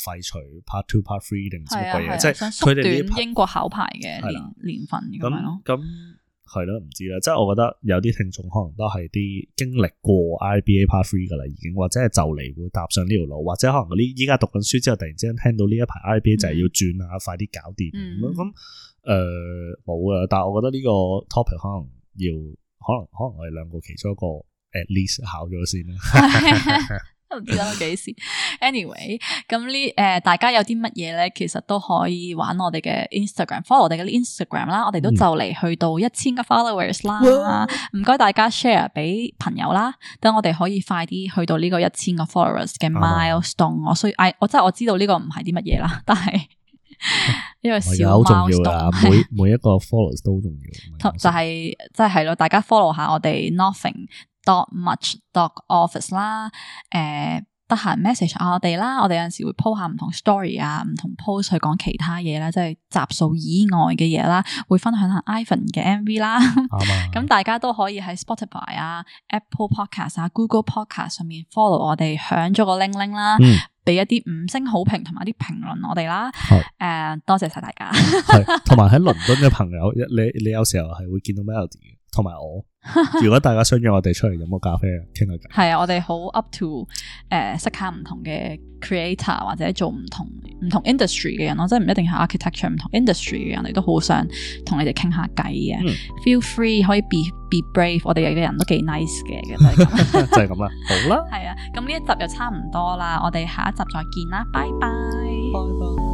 誒廢、呃、除 part two part three 定唔知乜鬼嘢，即係縮短英國考牌嘅年年份咁樣咯。嗯。係咯，唔知啦。即係我覺得有啲聽眾可能都係啲經歷過 IBA Part Three 噶啦，已經或者係就嚟會踏上呢條路，或者可能呢。啲依家讀緊書之後，突然之間聽到呢一排 IBA 就係要轉啊，嗯、快啲搞掂咁樣。咁誒、嗯，冇啊、呃。但係我覺得呢個 topic 可能要，可能可能我哋兩個其中一個 at least 考咗先啦。 都唔 知到幾時，anyway，咁呢？誒，大家有啲乜嘢咧？其實都可以玩我哋嘅 Instagram，follow 我哋嘅 Instagram 啦。我哋都就嚟去到一千個 followers 啦，唔該哇大家 share 俾朋友啦，等我哋可以快啲去到呢個一千個 followers 嘅 milestone。嗯、所以我雖我即係我知道呢個唔係啲乜嘢啦，但係因為好重要啊，每每一個 followers 都好重要。 就係即係咯，大家 follow 下我哋 nothing。Not much dot office 啦，誒，得閒 message 我哋啦，我哋有陣時會鋪下唔同 story 啊，唔同 post 去講其他嘢啦，即係集數以外嘅嘢啦，會分享下 Ivan 嘅 MV 啦，咁大家都可以喺 Spotify 啊、Apple Podcast 啊、Google Podcast 上面 follow 我哋，響咗個鈴鈴啦，俾一啲五星好評同埋啲評論我哋啦，誒，多謝晒大家，同埋喺倫敦嘅朋友，你你有時候係會見到 Melody 嘅。同埋我，如果大家想約我哋出嚟飲個咖啡，傾下偈，係 啊，我哋好 up to 誒、呃，識下唔同嘅 creator 或者做唔同唔同 industry 嘅人，我真係唔一定係 architecture 唔同 industry 嘅人，人都你都好想同你哋傾下偈嘅，feel free 可以 be be brave，我哋嘅人都幾 nice 嘅，就係咁啦，好啦，係 啊，咁呢一集就差唔多啦，我哋下一集再見啦，拜拜，拜拜。